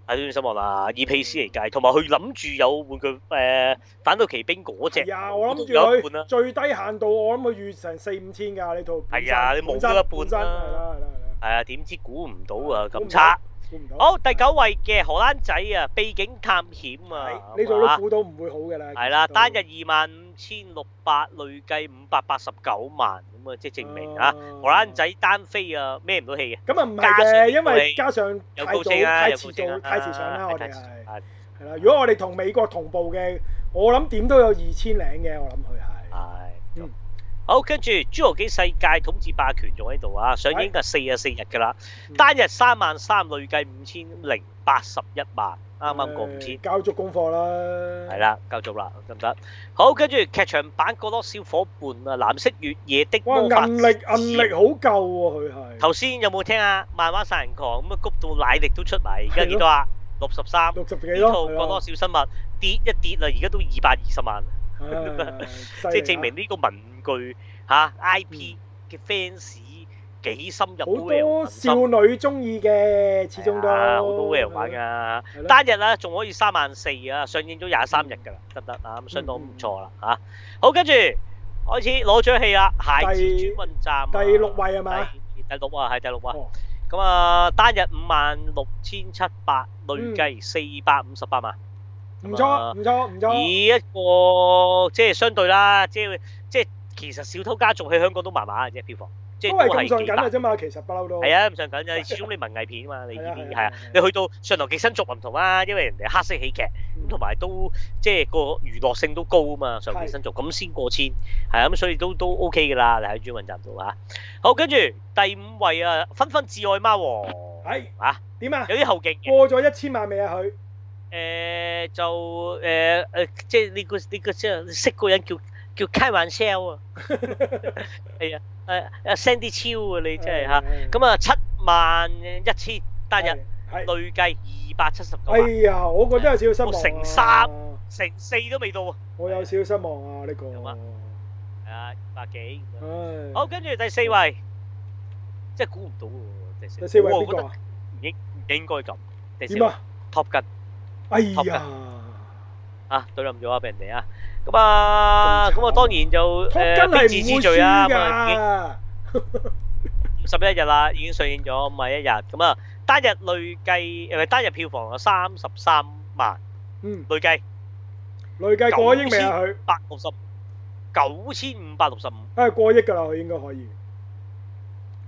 係最失望啦，以 PC 嚟計，同埋佢諗住有玩具誒反斗奇兵嗰隻，有一半啦。最低限度我諗佢預成四五千㗎呢套。係啊，你冇估、哎、一半啦。係啊，點、哎、知估唔到啊咁差。到到好，第九位嘅荷蘭仔啊，秘境探險啊，呢仲對、啊、都估到唔會好㗎啦。係啦，單日二萬千六百累計五百八十九萬，咁啊，即係證明啊，荷蘭仔單飛啊，孭唔到氣嘅。咁啊，唔係嘅，因為加上太早、太遲做、太遲上啦，我哋係係啦。如果我哋同美國同步嘅，我諗點都有二千零嘅，我諗佢係。係。嗯。好，跟住侏羅紀世界統治霸權仲喺度啊！上映就四啊四日㗎啦，單日三萬三，累計五千零八十一萬。啱啱過唔切，交足功課啦。係啦，交足啦，得唔得？好，跟住劇場版《個多小夥伴》啊，《藍色月夜的魔法師》，暗力暗力好夠喎，佢係。頭先有冇聽啊？漫畫殺人狂咁啊，谷到奶力都出埋，而家幾多啊？六十三，六十幾咯。呢套《個多小生物》跌一跌啦，而家都二百二十萬，即係證明呢個文具吓，IP 嘅 fans。幾深入，好多少女中意嘅，始終都好多 view 玩噶單日啦仲可以三萬四啊，上映咗廿三日噶啦，得唔得啊？咁相當唔錯啦吓，好，跟住開始攞張戲啦，孩子轉運站，第六位係嘛？第六啊，係第六啊，咁啊單日五萬六千七百，累計四百五十八萬，唔錯唔錯唔錯，以一個即係相對啦，即係即係其實小偷家族喺香港都麻麻嘅啫票房，都係唔上緊嘅啫嘛，其實不嬲咯。係啊，唔上緊啫，始終你文藝片啊嘛，你呢啲係啊，你去到上流寄生族唔同啊，因為人哋黑色喜劇咁，同埋都即係個娛樂性都高啊嘛，上流寄生族咁先過千係啊，咁所以都都 OK 㗎啦，你喺轉運站度嚇。好，跟住第五位啊，《分分至愛貓王》係啊，點啊？有啲後勁過咗一千萬未啊？佢誒就誒誒，即係呢個呢個即係識個人叫叫開玩笑啊，係啊。誒誒，send 啲超啊！你真係吓，咁啊，七萬一千單日累計二百七十九萬。哎呀，我覺得有少少失望啊！成三成四都未到啊！我有少少失望啊！呢個係啊，二百幾。唉，好，跟住第四位，真係估唔到喎！第四位，我我覺得應應該咁。點啊？Top 㗎。哎呀！啊，對唔住啊，畀人哋啊。咁啊，咁啊，當然就誒，必自自罪啦。咁啊，十一日啦，已經上映咗五日一日，咁啊，單日累計誒，單日票房啊，三十三萬，嗯，累計累計過一億未啊？佢百六十九千五百六十五，啊，過億噶啦，應該可以。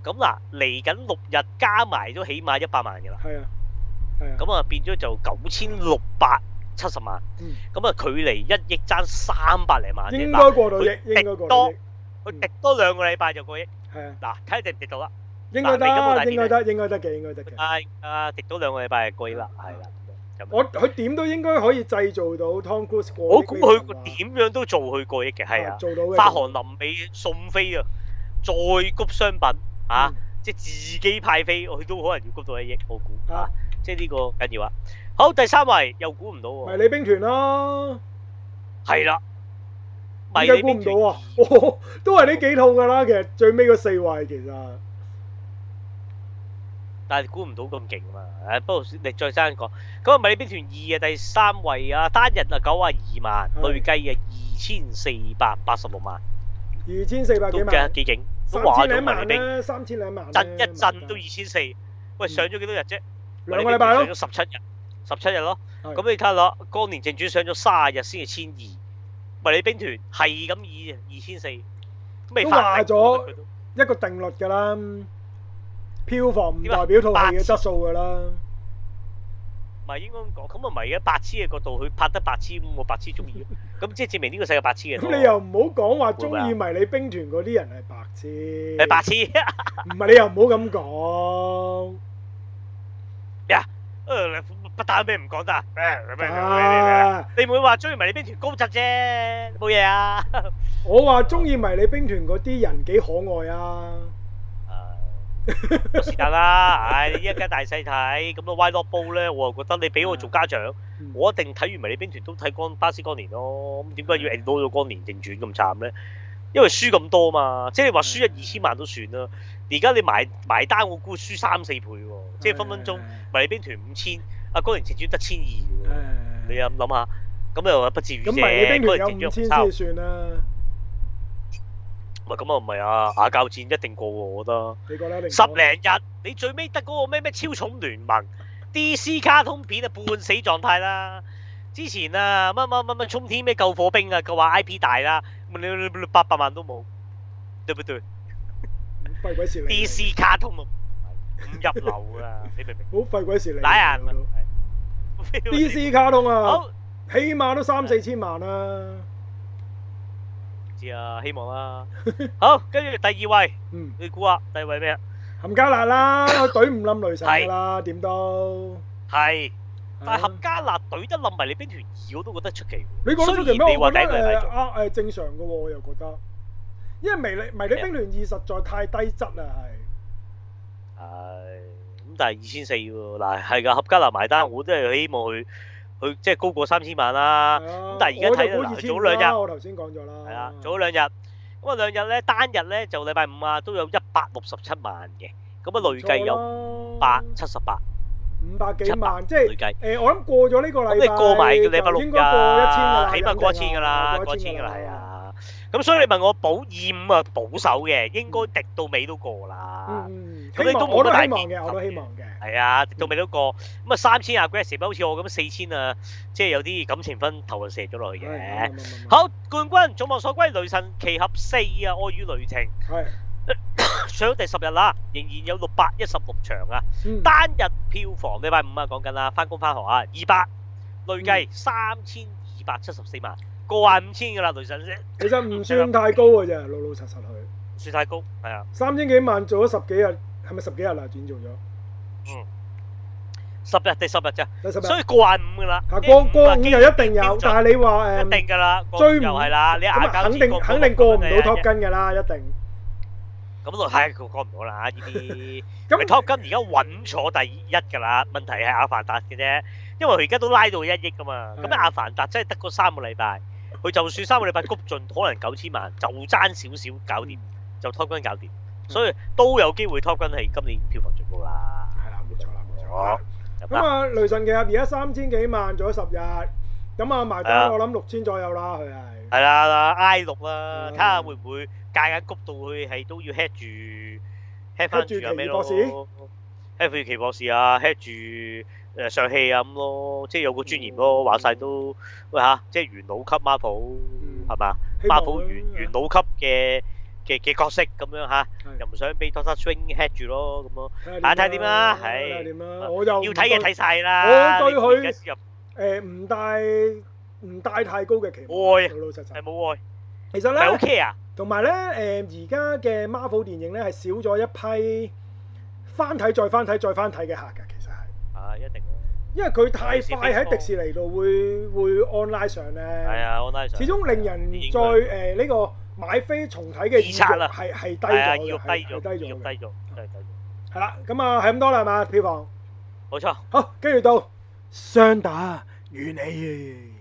咁嗱，嚟緊六日加埋都起碼一百萬噶啦，係啊，係啊，咁啊，變咗就九千六百。七十萬，咁啊，距離一億爭三百零萬，應該過到億，應該過億。佢跌多，佢跌多兩個禮拜就過億。係啊，嗱，睇一跌跌到啦。應該得，應該得，應該得嘅，應該得嘅。啊，跌多兩個禮拜就過億啦，係啦。我佢點都應該可以製造到 Tom Cruise 我估佢點樣都做佢過億嘅，係啊，做到花紅臨尾送飛啊，再谷商品啊，即係自己派飛，佢都可能要谷到一億。我估啊，即係呢個緊要啊。好，第三位又估唔到喎、啊啊。迷你兵團啦，係啦，咪估唔到啊！ 2, 都係呢幾套噶啦， 2, 其實最尾嗰四位其實，但係估唔到咁勁嘛。誒，不如你再爭一講，咁咪迷你兵團二嘅第三位啊，單日啊九啊二萬，累計啊二千四百八十六萬，二千四百都幾幾勁，三千幾萬、啊、兵，三千兩萬、啊，震、啊、一震都二千四。喂，上咗幾多日啫？兩個禮拜上咗十七日。十七日咯，咁你睇下咯，光年正傳上咗卅日先至千二，迷你兵團係咁以二千四，未快咗？一個定律噶啦，票房唔代表套戲嘅質素噶啦。唔係應該咁講，咁啊唔係啊，白痴嘅角度，佢拍得白痴，我白痴中意，咁即係證明呢個世界白痴嘅。咁你又唔好講話中意迷你兵團嗰啲人係白痴，係白痴，唔係你又唔好咁講。呀！不打咩？唔講得，啊、你唔會話中意迷你兵團高質啫，冇嘢啊。 我話中意迷你兵團嗰啲人幾可愛啊。啊，時間啦，唉、哎，你一家大細睇咁多《Y Not 煲》咧，我就覺得你俾我做家長，啊嗯、我一定睇完迷你兵團都睇光巴斯光年咯。咁點解要 load 咗光年正傳咁慘咧？因為輸咁多嘛，即係你話輸一二千萬都算啦。而家、嗯、你埋埋單，我估輸三四倍喎、啊，即、就、係、是、分分鐘迷你兵團五千。阿年連前年得千二喎，的你又咁諗下，咁又不至於啫。咁唔係你邊千算啊？唔係咁啊，唔係啊，亞校戰一定過喎，我覺得。十零日你最尾得嗰個咩咩超重聯盟 DC 卡通片啊，半死狀態啦。之前啊，乜乜乜乜沖天咩救火兵對對啊，佢話 IP 大啦，八百萬都冇，對唔對？廢鬼事嚟！DC 卡通唔 入流啊，你明唔明？好廢鬼事嚟、啊。DC 卡通啊，好，起碼都三四千萬啦。知啊，希望啦。好，跟住第二位，嗯，你估啊，第二位咩啊？闔家辣啦，我懟唔冧雷神啦，點都係。但係闔家辣懟得冧迷你兵團二，我都覺得出奇。你講出奇咩？我覺得誒阿誒正常嘅，我又覺得，因為迷你迷你兵團二實在太低質啦，係係。但係二千四喎，嗱係㗎，闔家辣埋單，我都係希望佢佢即係高過三千萬啦。咁但係而家睇早兩日，我頭先講咗啦，係啊，早兩日咁啊兩日咧單日咧就禮拜五啊都有一百六十七萬嘅，咁啊累計有五百七十八，五百幾萬即係累計誒我諗過咗呢個禮拜應該過一千啊，起碼過一千㗎啦，過一千㗎啦，係啊。咁所以你問我保唔保啊？保守嘅應該滴到尾都過啦。佢哋都冇得大望嘅，我都希望嘅。係啊，到未到個咁啊？三千阿 Grace，唔好似我咁四千啊，即係有啲感情分投運射咗落去嘅。好，冠軍眾望所歸，雷神奇俠四啊，愛與雷霆。係上咗第十日啦，仍然有六百一十六場啊，單日票房禮拜五啊，講緊啦，返工返學啊，二百累計三千二百七十四萬，過萬五千㗎啦，雷神先。其實唔算太高㗎啫，老老實實佢。算太高？係啊，三千幾萬做咗十幾日。係咪十幾日啦？點做咗？嗯，十日定十日啫。第十日。所以過萬五噶啦。嚇過過五又一定有，但係你話誒？一定噶啦。追又係啦。你眼肯定肯定過唔到 Top Gun 噶啦，一定。咁羅太講唔講啦？呢啲咁 Top Gun 而家穩坐第一噶啦。問題係阿凡達嘅啫，因為佢而家都拉到一億噶嘛。咁阿凡達真係得嗰三個禮拜，佢就算三個禮拜谷盡，可能九千萬就爭少少，搞掂就 Top Gun 搞掂。所以都有機會 top 緊係今年票房最高啦。係啦，冇錯啦，冇錯。咁啊，《雷神奇俠》嘅而家三千幾萬做咗十日，咁啊賣到我諗六千左右啦，佢係。係啦，I 六啦，睇下會唔會介間谷到去，係都要 head 住 head 翻住博士，head 住奇博士啊，head 住誒上戲啊咁咯，即係有個尊嚴咯。話晒都喂吓，即係元老級孖鋪係嘛？孖鋪元元老級嘅。嘅嘅角色咁樣嚇，又唔想俾多塞 swing hit 住咯咁咯，睇下睇點啦，唉，要睇嘢睇曬啦。我對佢誒唔帶唔帶太高嘅期望，老老實實係冇愛。其實咧，同埋咧誒，而家嘅 Marvel 電影咧係少咗一批翻睇再翻睇再翻睇嘅客㗎，其實係。啊，一定。因為佢太快喺迪士尼度會會 online 上咧，係啊，online 上始終令人再誒呢個。買飛重睇嘅二叉啦，係係低咗，係啊，要低咗，係低咗，要低咗，係低咗。係啦，咁啊，係咁多啦，係嘛，票房。冇錯。好，跟住到雙打與你。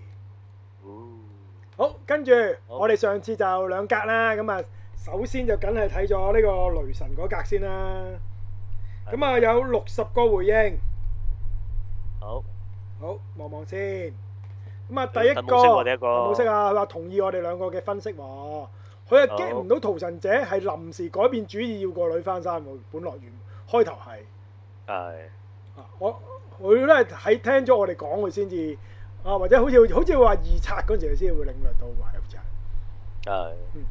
好，跟住我哋上次就兩格啦，咁啊，首先就梗係睇咗呢個雷神嗰格先啦。咁啊，有六十個回應。好。好，望望先。咁啊，第一個。冇識啊，佢話同意我哋兩個嘅分析喎。佢又 get 唔到屠神者係臨時改變主意要個女翻生，本樂園開頭係，係、哎、啊，我佢咧喺聽咗我哋講佢先至啊，或者好似好似話預測嗰陣時先會領略到嘅，係，係、哎，嗯，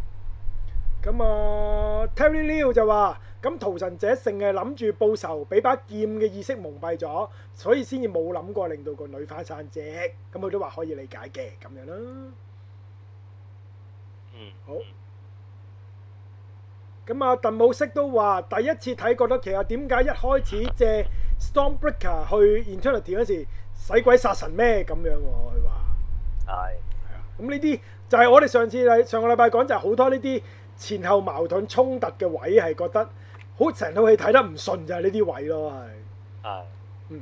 咁啊 Terry lie 就話，咁屠神者成日諗住報仇，俾把劍嘅意識蒙蔽咗，所以先至冇諗過令到個女翻生啫，咁佢都話可以理解嘅，咁樣啦，嗯，好。咁啊，鄧武色都話：第一次睇，覺得其實點解一開始借 Stormbreaker 去 Infinity 嗰時，使鬼殺神咩咁樣？佢話係係啊，咁呢啲就係我哋上次上個禮拜講就係好多呢啲前後矛盾衝突嘅位，係覺得好成套戲睇得唔順就係呢啲位咯。係啊，嗯，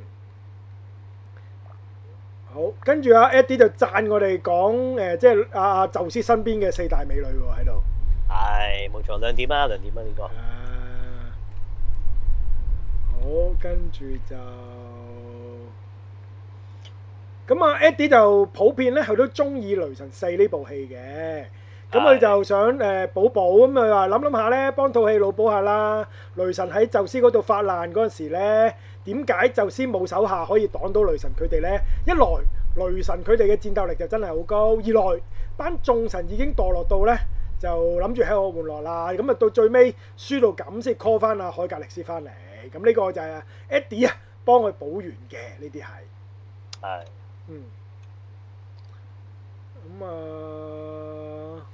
好，跟住阿 Eddie 就讚我哋講誒，即係阿阿宙斯身邊嘅四大美女喎喺度。係冇錯，兩點啊，兩點啊，呢個啊好，跟住就咁啊，Adi 就普遍咧，佢都中意《雷神四》呢部戲嘅，咁佢就想誒補補，咁佢話諗諗下咧，幫套戲腦補下啦。雷神喺宙斯嗰度發難嗰時咧，點解宙斯冇手下可以擋到雷神佢哋咧？一來雷神佢哋嘅戰鬥力就真係好高，二來班眾神已經墮落到咧。就諗住喺度玩樂啦，咁啊到最尾輸到咁先 call 翻阿海格力斯翻嚟，咁呢個就係阿 Eddie 啊幫佢補完嘅呢啲係。係。嗯。咁啊，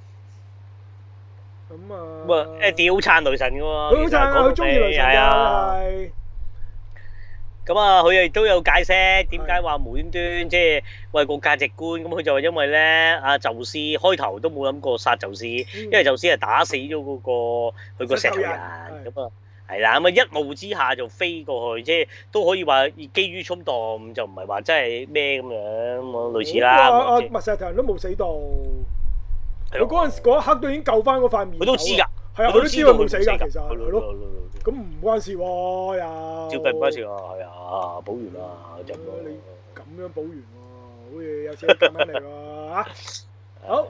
咁啊。唔係，Eddie 好撐女神嘅喎。佢好撐，佢中意女神嘅。係。咁啊，佢亦都有解釋點解話無端端即係為個價值觀，咁佢就係因為咧啊宙斯開頭都冇諗過殺宙斯，因為宙斯係打死咗嗰個佢個石頭人咁啊，係啦，咁啊一怒之下就飛過去，即係都可以話基於衝動，就唔係話真係咩咁樣咁啊，類似啦。咁啊啊，咪石頭人都冇死到，佢嗰陣時嗰一刻都已經救翻嗰塊面。佢都知㗎，係啊，佢都知佢冇死㗎，其實係咯。咁唔關事喎，啊，又照計唔關事喎，係啊，保完啦，就咁咯。了你咁樣保完喎，啊，好似有千零蚊嚟喎，好。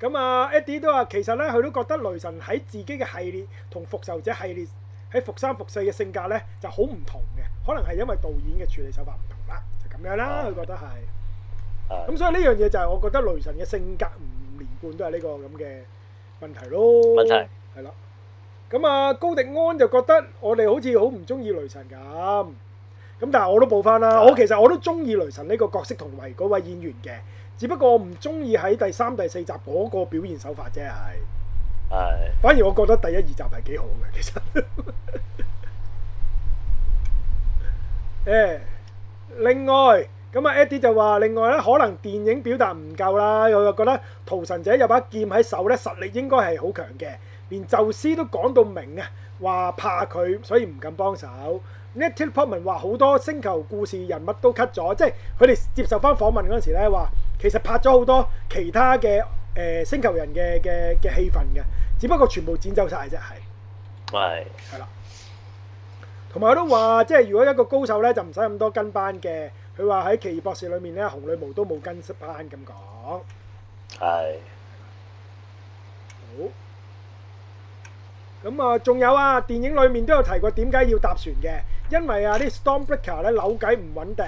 咁啊，uh，Eddie 都話其實咧，佢都覺得雷神喺自己嘅系列同復仇者系列喺復三復四嘅性格咧就好唔同嘅，可能係因為導演嘅處理手法唔同啦，就咁樣啦，佢唉覺得係。咁唉所以呢樣嘢就係我覺得雷神嘅性格唔連貫都係呢個咁嘅問題咯。問題係啦。咁啊，高迪安就覺得我哋好似好唔中意雷神咁，咁但係我都報翻啦。我其實我都中意雷神呢個角色同埋嗰位演員嘅，只不過我唔中意喺第三、第四集嗰個表現手法啫，係。係。反而我覺得第一、二集係幾好嘅，其實。誒，另外，咁啊，Eddie 就話另外咧，可能電影表達唔夠啦，我又覺得屠神者有把劍喺手咧，實力應該係好強嘅。連宙斯都講到明啊，話怕佢，所以唔敢幫手。Natalie Portman 話好多星球故事人物都 cut 咗，即係佢哋接受翻訪問嗰陣時咧話，其實拍咗好多其他嘅誒、呃、星球人嘅嘅嘅戲份嘅，只不過全部剪走晒啫，係。係 係啦。同埋佢都話，即係如果一個高手咧，就唔使咁多跟班嘅。佢話喺奇異博士裏面咧，紅女巫都冇跟班咁講。係。好。咁啊，仲有啊，電影裏面都有提過點解要搭船嘅，因為啊啲 Stormbreaker 咧扭計唔穩定，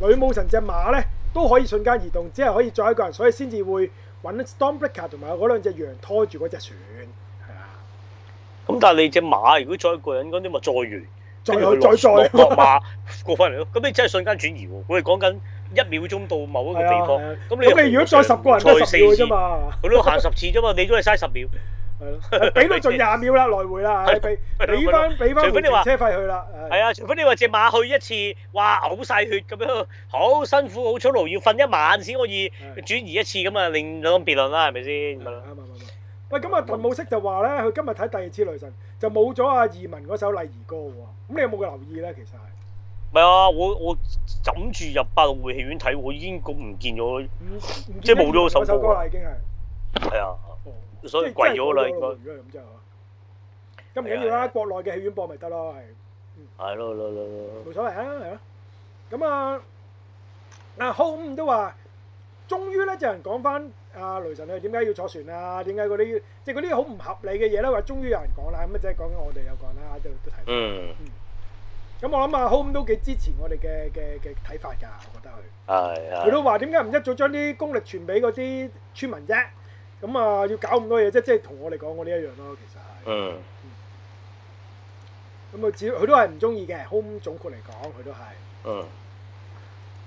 女武神隻馬咧都可以瞬間移動，只係可以載一個人，所以先至會搵 Stormbreaker 同埋嗰兩隻羊拖住嗰隻船，係啊。咁但係你隻馬如果再一個人嗰啲咪載完，再，有落再再再落落馬過翻嚟咯。咁你真係瞬間轉移喎。我哋講緊一秒鐘到某一個地方。咁、啊啊、你如果再十個人拖十秒啫嘛。佢都行十次啫嘛。你都係嘥十秒。 係咯，俾都盡廿秒啦，來回啦，係俾俾翻俾翻。除非你話車費去啦，係啊，除非你話隻馬去一次，哇嘔晒血咁樣，好辛苦，好粗魯，要瞓一晚先可以轉移一次咁啊，另兩別論啦，係咪先？係啊，係啊，係啊。喂，咁啊，屯冇息就話咧，佢今日睇第二次雷神就冇咗阿義文嗰首《麗兒歌》嘅喎，咁你有冇去留意咧？其實係，唔係啊，我我枕住入百老匯戲院睇，我已經講唔見咗，即係冇咗嗰首歌啦，已經係，係啊。所以貴咗啦，應該，如果咁就咁唔緊要啦，國內嘅戲院播咪得咯，係。係咯，咯，咯，冇所謂啊，係咯。咁啊，啊 Home 都話，終於咧就有人講翻啊雷神佢點解要坐船啊？點解嗰啲即係嗰啲好唔合理嘅嘢咧？話終於有人講啦，咁即係講緊我哋有講啦，都都提。嗯。咁我諗啊 Home 都幾支持我哋嘅嘅嘅睇法㗎，我覺得佢。係。佢都話點解唔一早將啲功力傳俾嗰啲村民啫？咁啊，要搞咁多嘢啫，即係同我哋講過呢一樣咯，其實係。嗯。咁啊、嗯，只要佢都係唔中意嘅，總括嚟講，佢都係。嗯。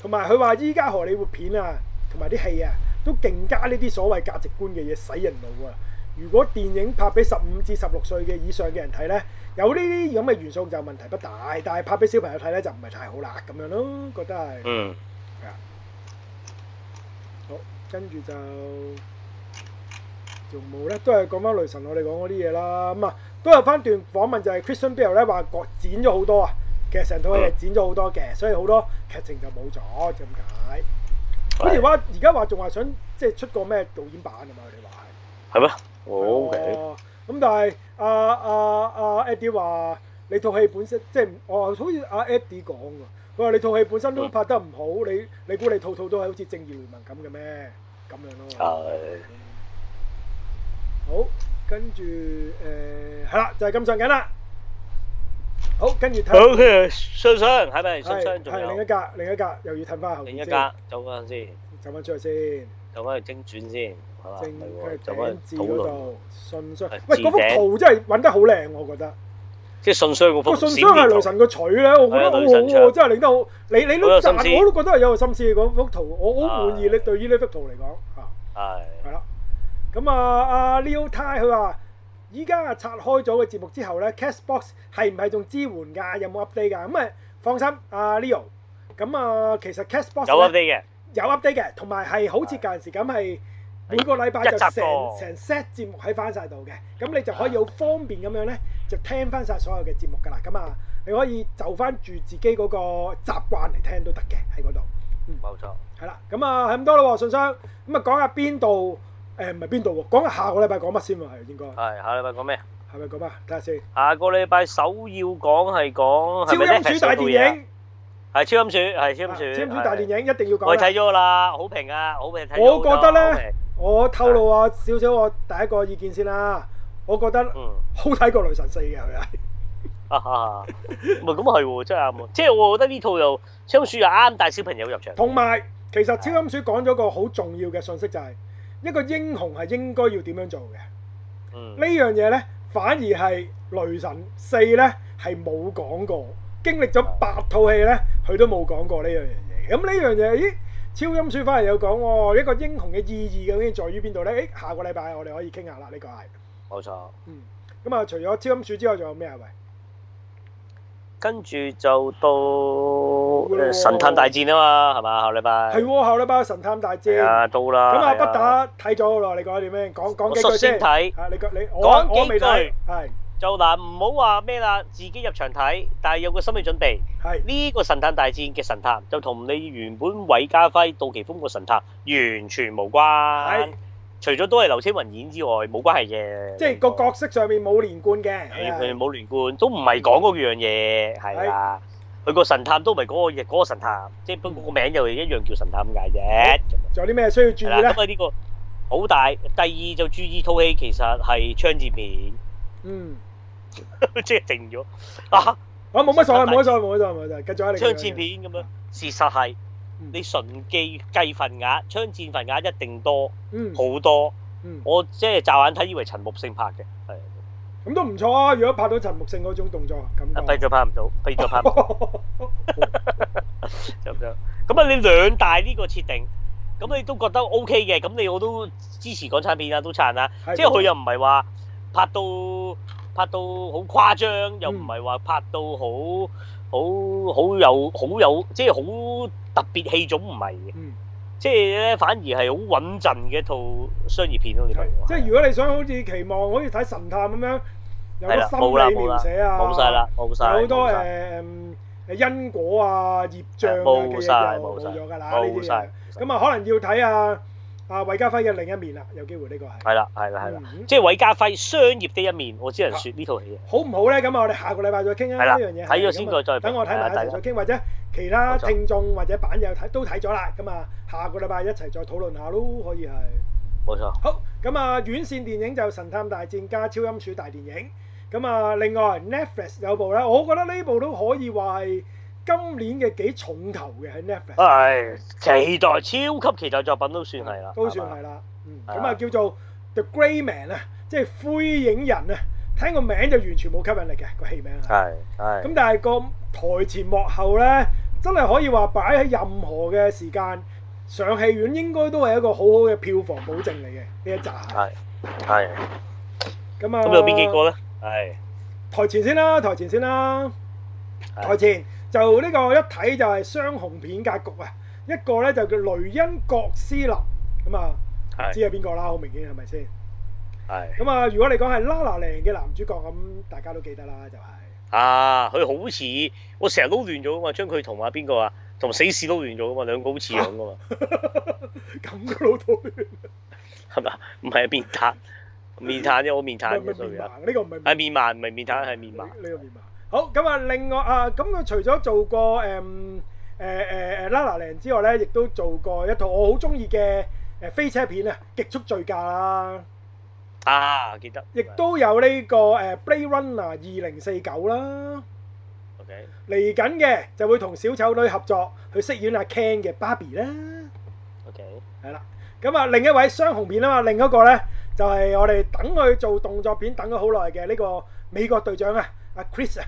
同埋佢話：依家荷里活片啊，同埋啲戲啊，都勁加呢啲所謂價值觀嘅嘢，洗人腦啊！如果電影拍俾十五至十六歲嘅以上嘅人睇咧，有呢啲咁嘅元素就問題不大，但係拍俾小朋友睇咧就唔係太好啦，咁樣咯，覺得係。嗯。係啊、嗯。好，跟住就。任務咧，都係講翻雷神，我哋講嗰啲嘢啦，咁啊都有翻段訪問就係 Christian Bale 咧話割剪咗好多啊，其實成套戲係剪咗好多嘅，所以好多劇情就冇咗就咁解。好似話而家話仲話想即係出個咩導演版啊嘛？你話係係咩？哦，咁但係阿阿阿 Eddie 話你套戲本身即係我好似阿 Eddie 講嘅，佢話你套戲本身都拍得唔好，你你估你套套都係好似《正義聯盟》咁嘅咩？咁樣咯。係。好，跟住誒，係啦，就係咁上緊啦。好，跟住睇。好，信箱，係咪？信箱仲有。另一格，另一格，又要褪翻後。另一格，走翻先。走翻出去先。走翻去精轉先，係嘛？正係頂字嗰度，信箱。喂，嗰幅圖真係搵得好靚，我覺得。即係信箱嗰幅。個信箱係雷神個錘咧，我覺得好，真係令到好。你你都但係我都覺得係有心思嗰幅圖，我好滿意。你對於呢幅圖嚟講，吓。係。咁啊，阿 Leo Tai 佢話：依家拆開咗個節目之後咧，Castbox 係唔係仲支援㗎？有冇 update 㗎？咁啊，放心，阿 Leo。咁啊，其實 Castbox 有 update 嘅，有 update 嘅，同埋係好似舊陣時咁係每個禮拜就成成 set 節目喺翻曬度嘅。咁你就可以好方便咁樣咧，就聽翻曬所有嘅節目㗎啦。咁啊，你可以就翻住自己嗰個習慣嚟聽都得嘅喺嗰度。嗯，冇錯。係啦，咁啊，係咁多啦喎，信箱。咁啊，講下邊度。誒，唔係邊度？講下個禮拜講乜先啊？係應該係下個禮拜講咩？下個禮拜講啊，睇下先。下個禮拜首要講係講《超音鼠大電影》，係《超音鼠》，係《超音鼠》。超音鼠大電影一定要講，我睇咗啦，好平啊，好平。我覺得咧，我透露啊，少少我第一個意見先啦。我覺得嗯，好睇過《雷神四》嘅係咪？啊哈，唔係咁係喎，真係啱。即係我覺得呢套又超音鼠又啱帶小朋友入場。同埋，其實超音鼠講咗個好重要嘅信息就係。一個英雄係應該要點樣做嘅？呢樣嘢呢，反而係雷神四呢係冇講過，經歷咗八套戲呢，佢都冇講過呢樣嘢。咁呢樣嘢，咦？超音鼠翻嚟有講，一個英雄嘅意義究竟在於邊度呢？誒，下個禮拜我哋可以傾下啦。呢個係冇錯。嗯，咁啊，除咗超音鼠之外，仲有咩啊？喂？跟住就到神探大戰啊嘛，係嘛？下禮拜係，下禮拜神探大戰啊，到啦。咁啊，不打睇咗啦，你講點咩？講講幾句先睇。啊，你講你講，我未睇。係就嗱，唔好話咩啦，自己入場睇，但係有個心理準備。係呢個神探大戰嘅神探，就同你原本韋家輝、杜琪峰個神探完全無關。除咗都係劉青雲演之外，冇關係嘅。即係個角色上面冇連貫嘅，佢冇連貫，都唔係講嗰樣嘢，係啦。佢個神探都唔係講個嗰個神探，即係不過個名又一樣叫神探咁解啫。仲有啲咩需要注意咧？因為呢個好大。第二就注意，套戲其實係槍戰片。嗯，即係靜咗啊！冇乜所謂，冇乜所謂，冇乜所謂，冇錯，繼續。槍戰片咁樣。事實係。你純機計份額，槍戰份額一定多好多。嗯嗯、我即係乍眼睇以為陳木勝拍嘅，係咁都唔錯啊！如果拍到陳木勝嗰種動作，咁閉咗拍唔到，閉咗拍就咁樣。咁啊， 你兩大呢個設定，咁你都覺得 O K 嘅，咁你我支講講都支持港產片啊，都撐啦。即係佢又唔係話拍到拍到好誇張，對嗯、又唔係話拍到好。好好有好有即係好特別戲種唔係嘅，即係咧反而係好穩陣嘅一套商業片咯。你睇，即係如果你想好似期望好似睇神探咁樣，有個心理描寫啊，冇啦冇啦，冇曬啦冇曬啦，好多誒誒因果啊、業障啊嘅嘢就冇咗㗎啦呢啲嘢。咁啊，可能要睇啊。啊，韋家輝嘅另一面啦，有機會呢個係。係啦，係啦，係啦，即係韋家輝商業的一面，我只能説呢套戲。好唔好咧？咁啊，我哋下個禮拜再傾啦。呢樣嘢睇咗先，再再。等我睇埋睇再傾，或者其他聽眾或者版友睇都睇咗啦，咁啊，下個禮拜一齊再討論下咯，可以係。冇錯。好，咁啊，院線電影就《神探大戰》加《超音鼠》大電影。咁啊，另外 Netflix 有部咧，我覺得呢部都可以話係。今年嘅幾重頭嘅喺 Netflix，期待超級期待作品都算係啦，都算係啦。吧嗯，咁啊吧叫做 The Gray Man 啊，即係灰影人啊，聽個名就完全冇吸引力嘅個戲名啊。係係。咁但係個台前幕後咧，真係可以話擺喺任何嘅時間上戲院應該都係一個好好嘅票房保證嚟嘅呢一集。係係。咁啊？咁有邊幾個咧？係台前先啦，台前先啦，是台前。就呢個一睇就係雙紅片格局啊！一個咧就叫雷恩葛斯林咁啊，知係邊個啦？好明顯係咪先？係。咁啊是，如果你講係 La La Land 嘅男主角，咁大家都記得啦，就是，就係。啊，佢好似我成日撈亂咗啊嘛，將佢同埋邊個，個像像啊，同死侍撈亂咗啊嘛，兩個好似樣噶嘛。咁都撈到亂。係咪啊？唔係啊，面癱，面癱啫，我面癱呢個唔係係面盲，唔係面癱，係面盲呢個面盲。好，咁啊！另外啊，咁佢除咗做過誒誒誒誒《LaLa Land》之外咧，亦都做過一套我好中意嘅誒飛車片啊，《極速罪駕》啦。啊，記得。亦都有呢個誒《Blade Runner》二零四九啦。O K。嚟緊嘅就會同小丑女合作去飾演阿 Ken 嘅 Barbie 啦。O K。係啦，咁啊，另一位雙雄片啊嘛，另一個咧就係我哋等佢做動作片等咗好耐嘅呢個美國隊長啊，阿 Chris 啊。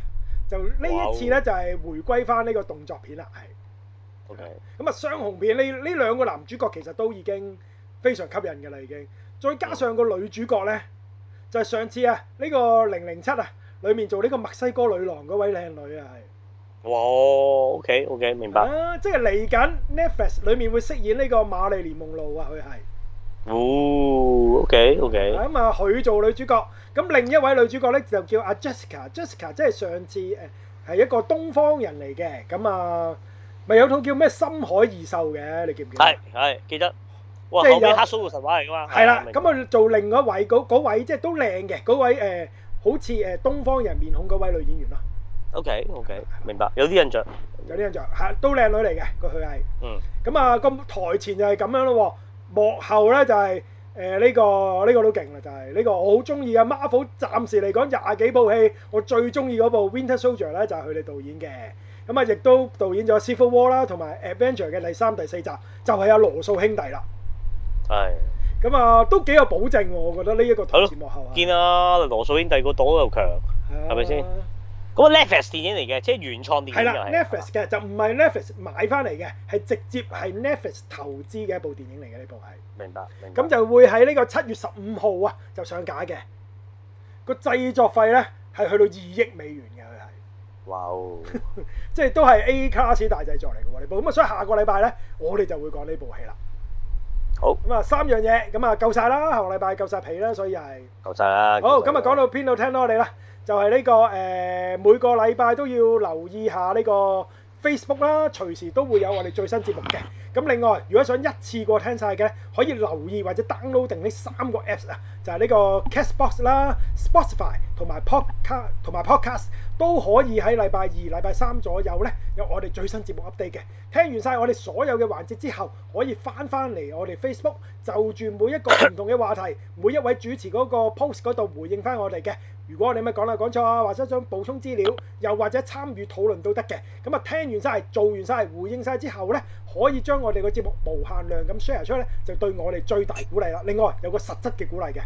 就呢一次咧，就係回歸返呢個動作片啦，係。O K。咁啊，雙雄片呢？呢兩個男主角其實都已經非常吸引噶啦，已經。再加上個女主角咧，就係上次啊，呢個零零七啊，裏面做呢個墨西哥女郎嗰位靚女啊，係。哇，O K O K，明白。啊，即係嚟緊 Netflix 裏面會飾演呢個瑪麗蓮夢露啊，佢係。哦，O K O K。咁啊，佢做女主角。咁另一位女主角咧，就叫阿 Jessica，Jessica 即係上次誒係一個東方人嚟嘅。咁啊咪有套叫咩《深海異獸》嘅，你記唔記得？係係記得哇，即係有黑社會神話嚟噶嘛？係啦，咁啊做另一位嗰嗰位即係都靚嘅嗰位誒，好似誒東方人面孔嗰位女演員咯。OK OK，明白，有啲印象，有啲印象嚇，都靚女嚟嘅個佢係。嗯。咁啊，咁台前就係咁樣咯，幕後咧就係。誒呢、呃這個呢、這個都勁啦，就係、是、呢個我好中意嘅 Marvel。暫時嚟講廿幾部戲，我最中意嗰部 Winter Soldier 咧就係佢哋導演嘅。咁、嗯、啊，亦都導演咗 Civil War 啦，同埋 Avengers 嘅第三、第四集就係、是、阿、啊、羅素兄弟啦。係唉。咁啊、嗯，都幾有保證喎！我覺得呢一個台節幕後見啊，羅素兄弟個朵又強，係咪先？嗰個 Netflix 電影嚟嘅，即係原創電影。係啦，Netflix 嘅就唔係 Netflix 買翻嚟嘅，係直接係 Netflix 投資嘅一部電影嚟嘅呢部係。明白。咁就會喺呢個七月十五號啊，就上架嘅。個製作費咧係去到二億美元嘅佢係。哇、哦！ 即係都係 A 卡士大製作嚟嘅喎呢部。咁啊，所以下個禮拜咧，我哋就會講呢部戲好啦。好。咁啊，三樣嘢，咁啊，夠晒啦！下個禮拜夠晒皮啦，所以係、就是、夠晒啦。好，咁啊，講到邊度聽到我哋啦？就係呢、呢個誒、呃，每個禮拜都要留意下呢個 Facebook 啦，隨時都會有我哋最新節目嘅。咁另外，如果想一次過聽晒嘅，可以留意或者 download 定呢三個 Apps 啊，就係呢個 Castbox 啦、Spotify 同埋 Podcast 同埋 Podcast 都可以喺禮拜二、禮拜三左右呢，有我哋最新節目 update 嘅。聽完晒我哋所有嘅環節之後，可以翻翻嚟我哋 Facebook，就住每一個唔同嘅話題，每一位主持嗰個 post 嗰度回應翻我哋嘅。如果你咪講啦，講錯啊，或者想補充資料，又或者參與討論都得嘅。咁啊，聽完晒，做完晒，回應晒之後咧，可以將我哋個節目無限量咁 share 出嚟，就對我哋最大鼓勵啦。另外有個實質嘅鼓勵嘅。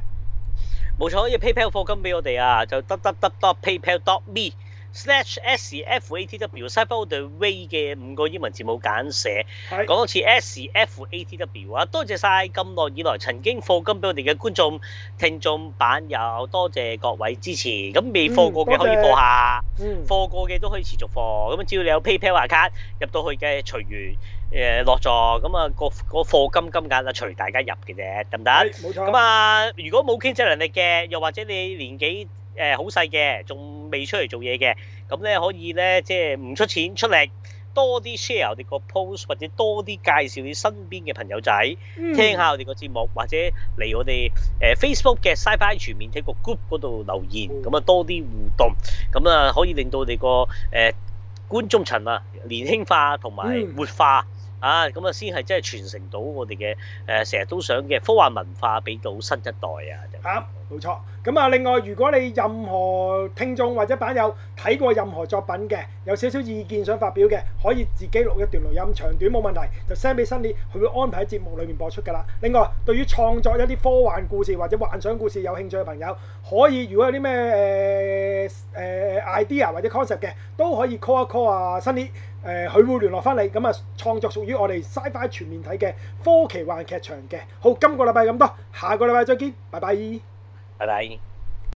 冇錯，要 PayPal 課金俾我哋啊，就得得得得 PayPal me。Slash S F A T W，SciFi All The Way 嘅五個英文字母簡寫。講多次 S F A T W 啊，多謝曬咁耐以來曾經課金俾我哋嘅觀眾、聽眾版友，多謝各位支持。咁未課過嘅可以課下，課過嘅都可以持續課。咁只要你有 PayPal account 入到去嘅，隨緣誒落座。咁啊，個個課金金額啊隨大家入嘅啫，得唔得？冇錯。咁啊，如果冇經濟能力嘅，又或者你年紀，誒好細嘅，仲未、呃、出嚟做嘢嘅，咁咧可以咧即係唔出錢出力，多啲 share 我哋個 post 或者多啲介紹你身邊嘅朋友仔，嗯、聽下我哋個節目或者嚟我哋誒、呃、Facebook 嘅 Sci-Fi 全面睇個 group 嗰度留言，咁啊、嗯、多啲互動，咁啊可以令到我哋個誒觀眾層啊年輕化同埋活化、嗯。嗯。啊，咁啊，先係真係傳承到我哋嘅誒，成日都想嘅科幻文化俾到新一代啊，啊！嚇，冇錯。咁啊，另外，如果你任何聽眾或者版友睇過任何作品嘅，有少少意見想發表嘅，可以自己錄一段錄音，長短冇問題，就 send 俾 Sunny，佢會安排喺節目裡面播出噶啦。另外，對於創作一啲科幻故事或者幻想故事有興趣嘅朋友，可以如果有啲咩誒誒 idea 或者 concept 嘅，都可以 call 一 call 啊，Sunny。誒，佢、呃、會聯絡翻你，咁啊，創作屬於我哋 Sci-Fi 全面睇嘅科奇幻劇場嘅。好，今個禮拜咁多，下個禮拜再見，拜拜，拜拜。